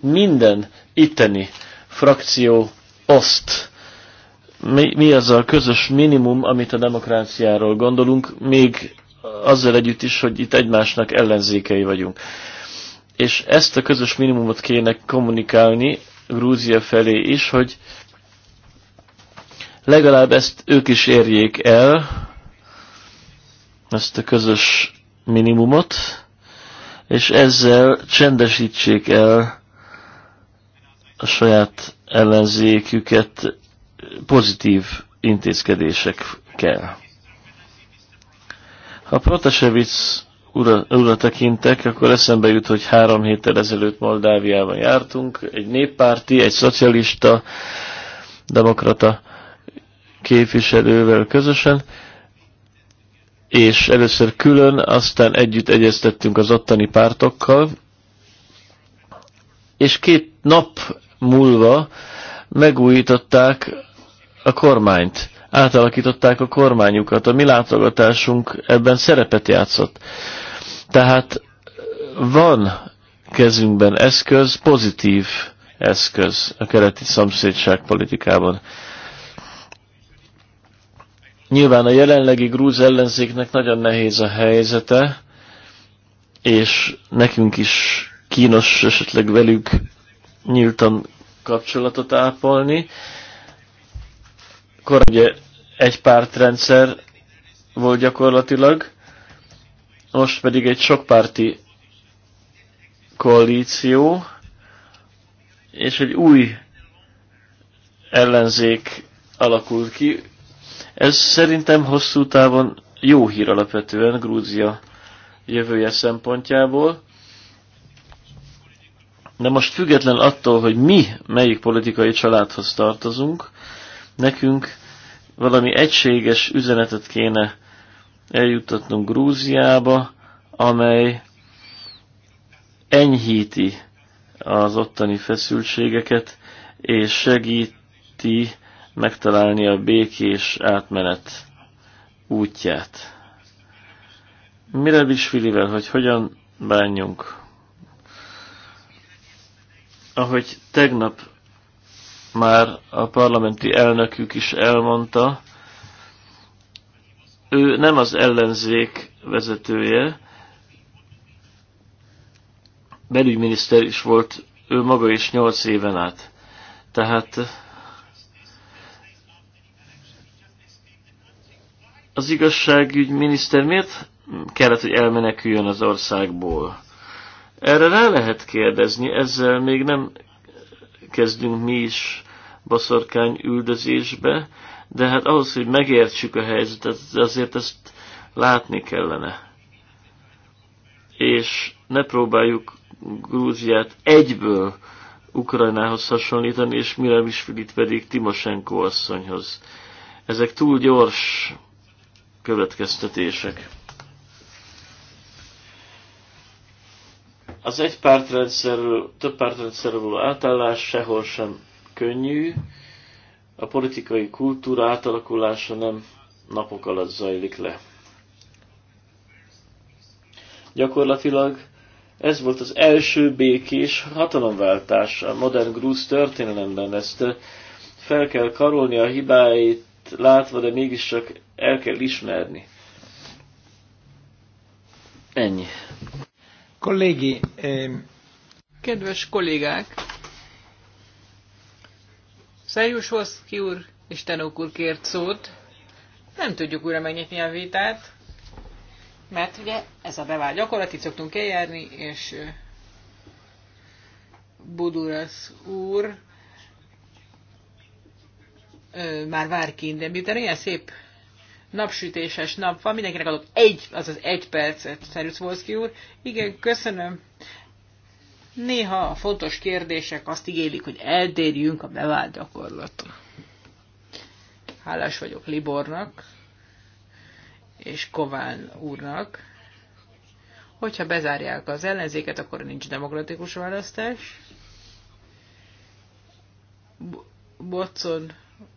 minden itteni frakció oszt mi, mi az a közös minimum, amit a demokráciáról gondolunk, még azzal együtt is, hogy itt egymásnak ellenzékei vagyunk. És ezt a közös minimumot kéne kommunikálni Grúzia felé is, hogy legalább ezt ők is érjék el, ezt a közös minimumot, és ezzel csendesítsék el a saját ellenzéküket, pozitív intézkedések kell. Ha Protasevic ura, tekintek, akkor eszembe jut, hogy három héttel ezelőtt Moldáviában jártunk, egy néppárti, egy szocialista, demokrata képviselővel közösen, és először külön, aztán együtt egyeztettünk az ottani pártokkal, és két nap múlva megújították a kormányt, átalakították a kormányukat, a mi látogatásunk ebben szerepet játszott. Tehát van kezünkben eszköz, pozitív eszköz a keleti szomszédság politikában. Nyilván a jelenlegi grúz ellenzéknek nagyon nehéz a helyzete, és nekünk is kínos esetleg velük nyíltan kapcsolatot ápolni, Korábban ugye egy pártrendszer volt gyakorlatilag, most pedig egy sokpárti koalíció, és egy új ellenzék alakult ki. Ez szerintem hosszú távon jó hír alapvetően Grúzia jövője szempontjából. De most független attól, hogy mi melyik politikai családhoz tartozunk, Nekünk valami egységes üzenetet kéne eljuttatnunk Grúziába, amely enyhíti az ottani feszültségeket, és segíti megtalálni a békés átmenet útját. Mire Filivel, hogy hogyan bánjunk? Ahogy tegnap már a parlamenti elnökük is elmondta, ő nem az ellenzék vezetője, belügyminiszter is volt ő maga is nyolc éven át. Tehát az igazságügy miniszter miért kellett, hogy elmeneküljön az országból? Erre rá lehet kérdezni, ezzel még nem kezdünk mi is baszorkány üldözésbe, de hát ahhoz, hogy megértsük a helyzetet, azért ezt látni kellene. És ne próbáljuk Grúziát egyből Ukrajnához hasonlítani, és Miramisvilit pedig Timosenko asszonyhoz. Ezek túl gyors következtetések. Az egy pártrendszerről, több pártrendszerről való átállás sehol sem könnyű, a politikai kultúra átalakulása nem napok alatt zajlik le. Gyakorlatilag ez volt az első békés hatalomváltás a modern grúz történelemben. Ezt fel kell karolni a hibáit látva, de mégiscsak el kell ismerni. Ennyi. Kollégi, eh... Kedves kollégák! Szerjus Hoszki úr és Tenók úr kért szót. Nem tudjuk újra megnyitni a vitát, mert ugye ez a bevált gyakorlat, itt szoktunk eljárni, és Budurasz úr már vár ki de miután ilyen szép napsütéses nap van, mindenkinek adok egy, azaz egy percet, Szerűszvolszki úr. Igen, köszönöm. Néha a fontos kérdések azt igélik, hogy eltérjünk a bevált gyakorlaton. Hálás vagyok Libornak és Kován úrnak. Hogyha bezárják az ellenzéket, akkor nincs demokratikus választás. Bocson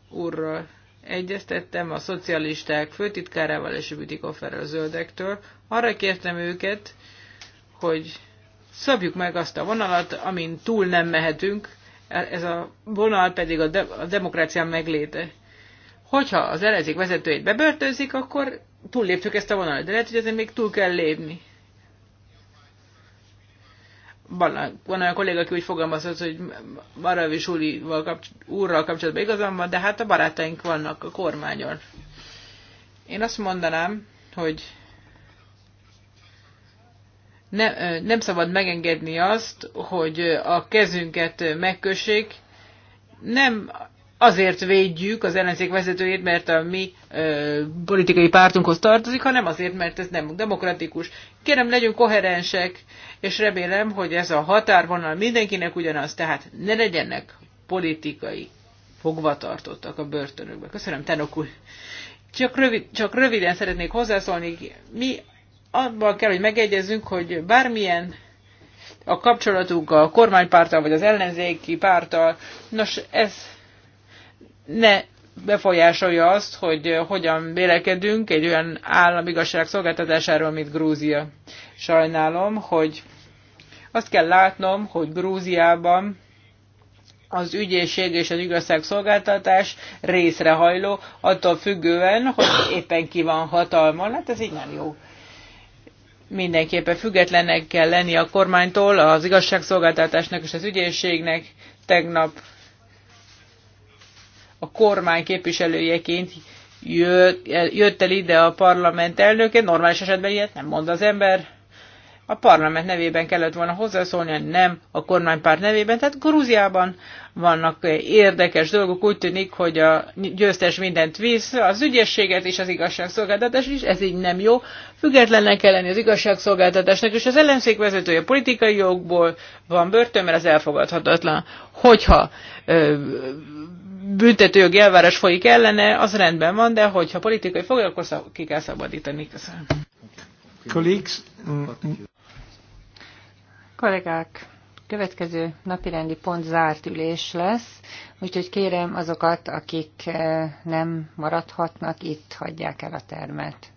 úrral egyeztettem a szocialisták főtitkárával és Bütikoferrel a zöldektől. Arra kértem őket, hogy szabjuk meg azt a vonalat, amin túl nem mehetünk, ez a vonal pedig a, de- a demokrácián megléte. Hogyha az ellenzék vezetőjét bebörtőzik, akkor túlléptük ezt a vonalat, de lehet, hogy ezen még túl kell lépni van, van olyan kolléga, aki úgy fogalmazott, hogy Maravi Sulival kapcs- úrral kapcsolatban igazam van, de hát a barátaink vannak a kormányon. Én azt mondanám, hogy ne, nem szabad megengedni azt, hogy a kezünket megkössék. Nem azért védjük az ellenzék vezetőjét, mert a mi ö, politikai pártunkhoz tartozik, hanem azért, mert ez nem demokratikus. Kérem, legyünk koherensek, és remélem, hogy ez a határvonal mindenkinek ugyanaz, tehát ne legyenek politikai fogvatartottak a börtönökbe. Köszönöm, Tenok Csak, rövid, csak röviden szeretnék hozzászólni. Mi abban kell, hogy megegyezzünk, hogy bármilyen a kapcsolatunk a kormánypártal vagy az ellenzéki pártal, nos, ez ne befolyásolja azt, hogy hogyan vélekedünk egy olyan állam szolgáltatásáról, mint Grúzia. Sajnálom, hogy azt kell látnom, hogy Grúziában az ügyészség és az szolgáltatás részrehajló, attól függően, hogy éppen ki van hatalmon. Hát ez így nem jó. Mindenképpen függetlennek kell lenni a kormánytól, az igazságszolgáltatásnak és az ügyészségnek. Tegnap a kormány képviselőjeként jött el ide a parlament elnöke, normális esetben ilyet nem mond az ember. A parlament nevében kellett volna hozzászólni, nem a kormánypárt nevében. Tehát Grúziában vannak eh, érdekes dolgok, úgy tűnik, hogy a győztes mindent visz, az ügyességet és az igazságszolgáltatás is, ez így nem jó. Függetlennek kell lenni az igazságszolgáltatásnak, és az ellenszék vezetője politikai jogból van börtön, mert ez elfogadhatatlan. Hogyha ö, eh, büntetőjogi elvárás folyik ellene, az rendben van, de hogyha politikai fogja, akkor ki kell szabadítani. Köszönöm. Colleagues. Mm, mm. Kollégák, következő napirendi pont zárt ülés lesz, úgyhogy kérem azokat, akik eh, nem maradhatnak itt, hagyják el a termet.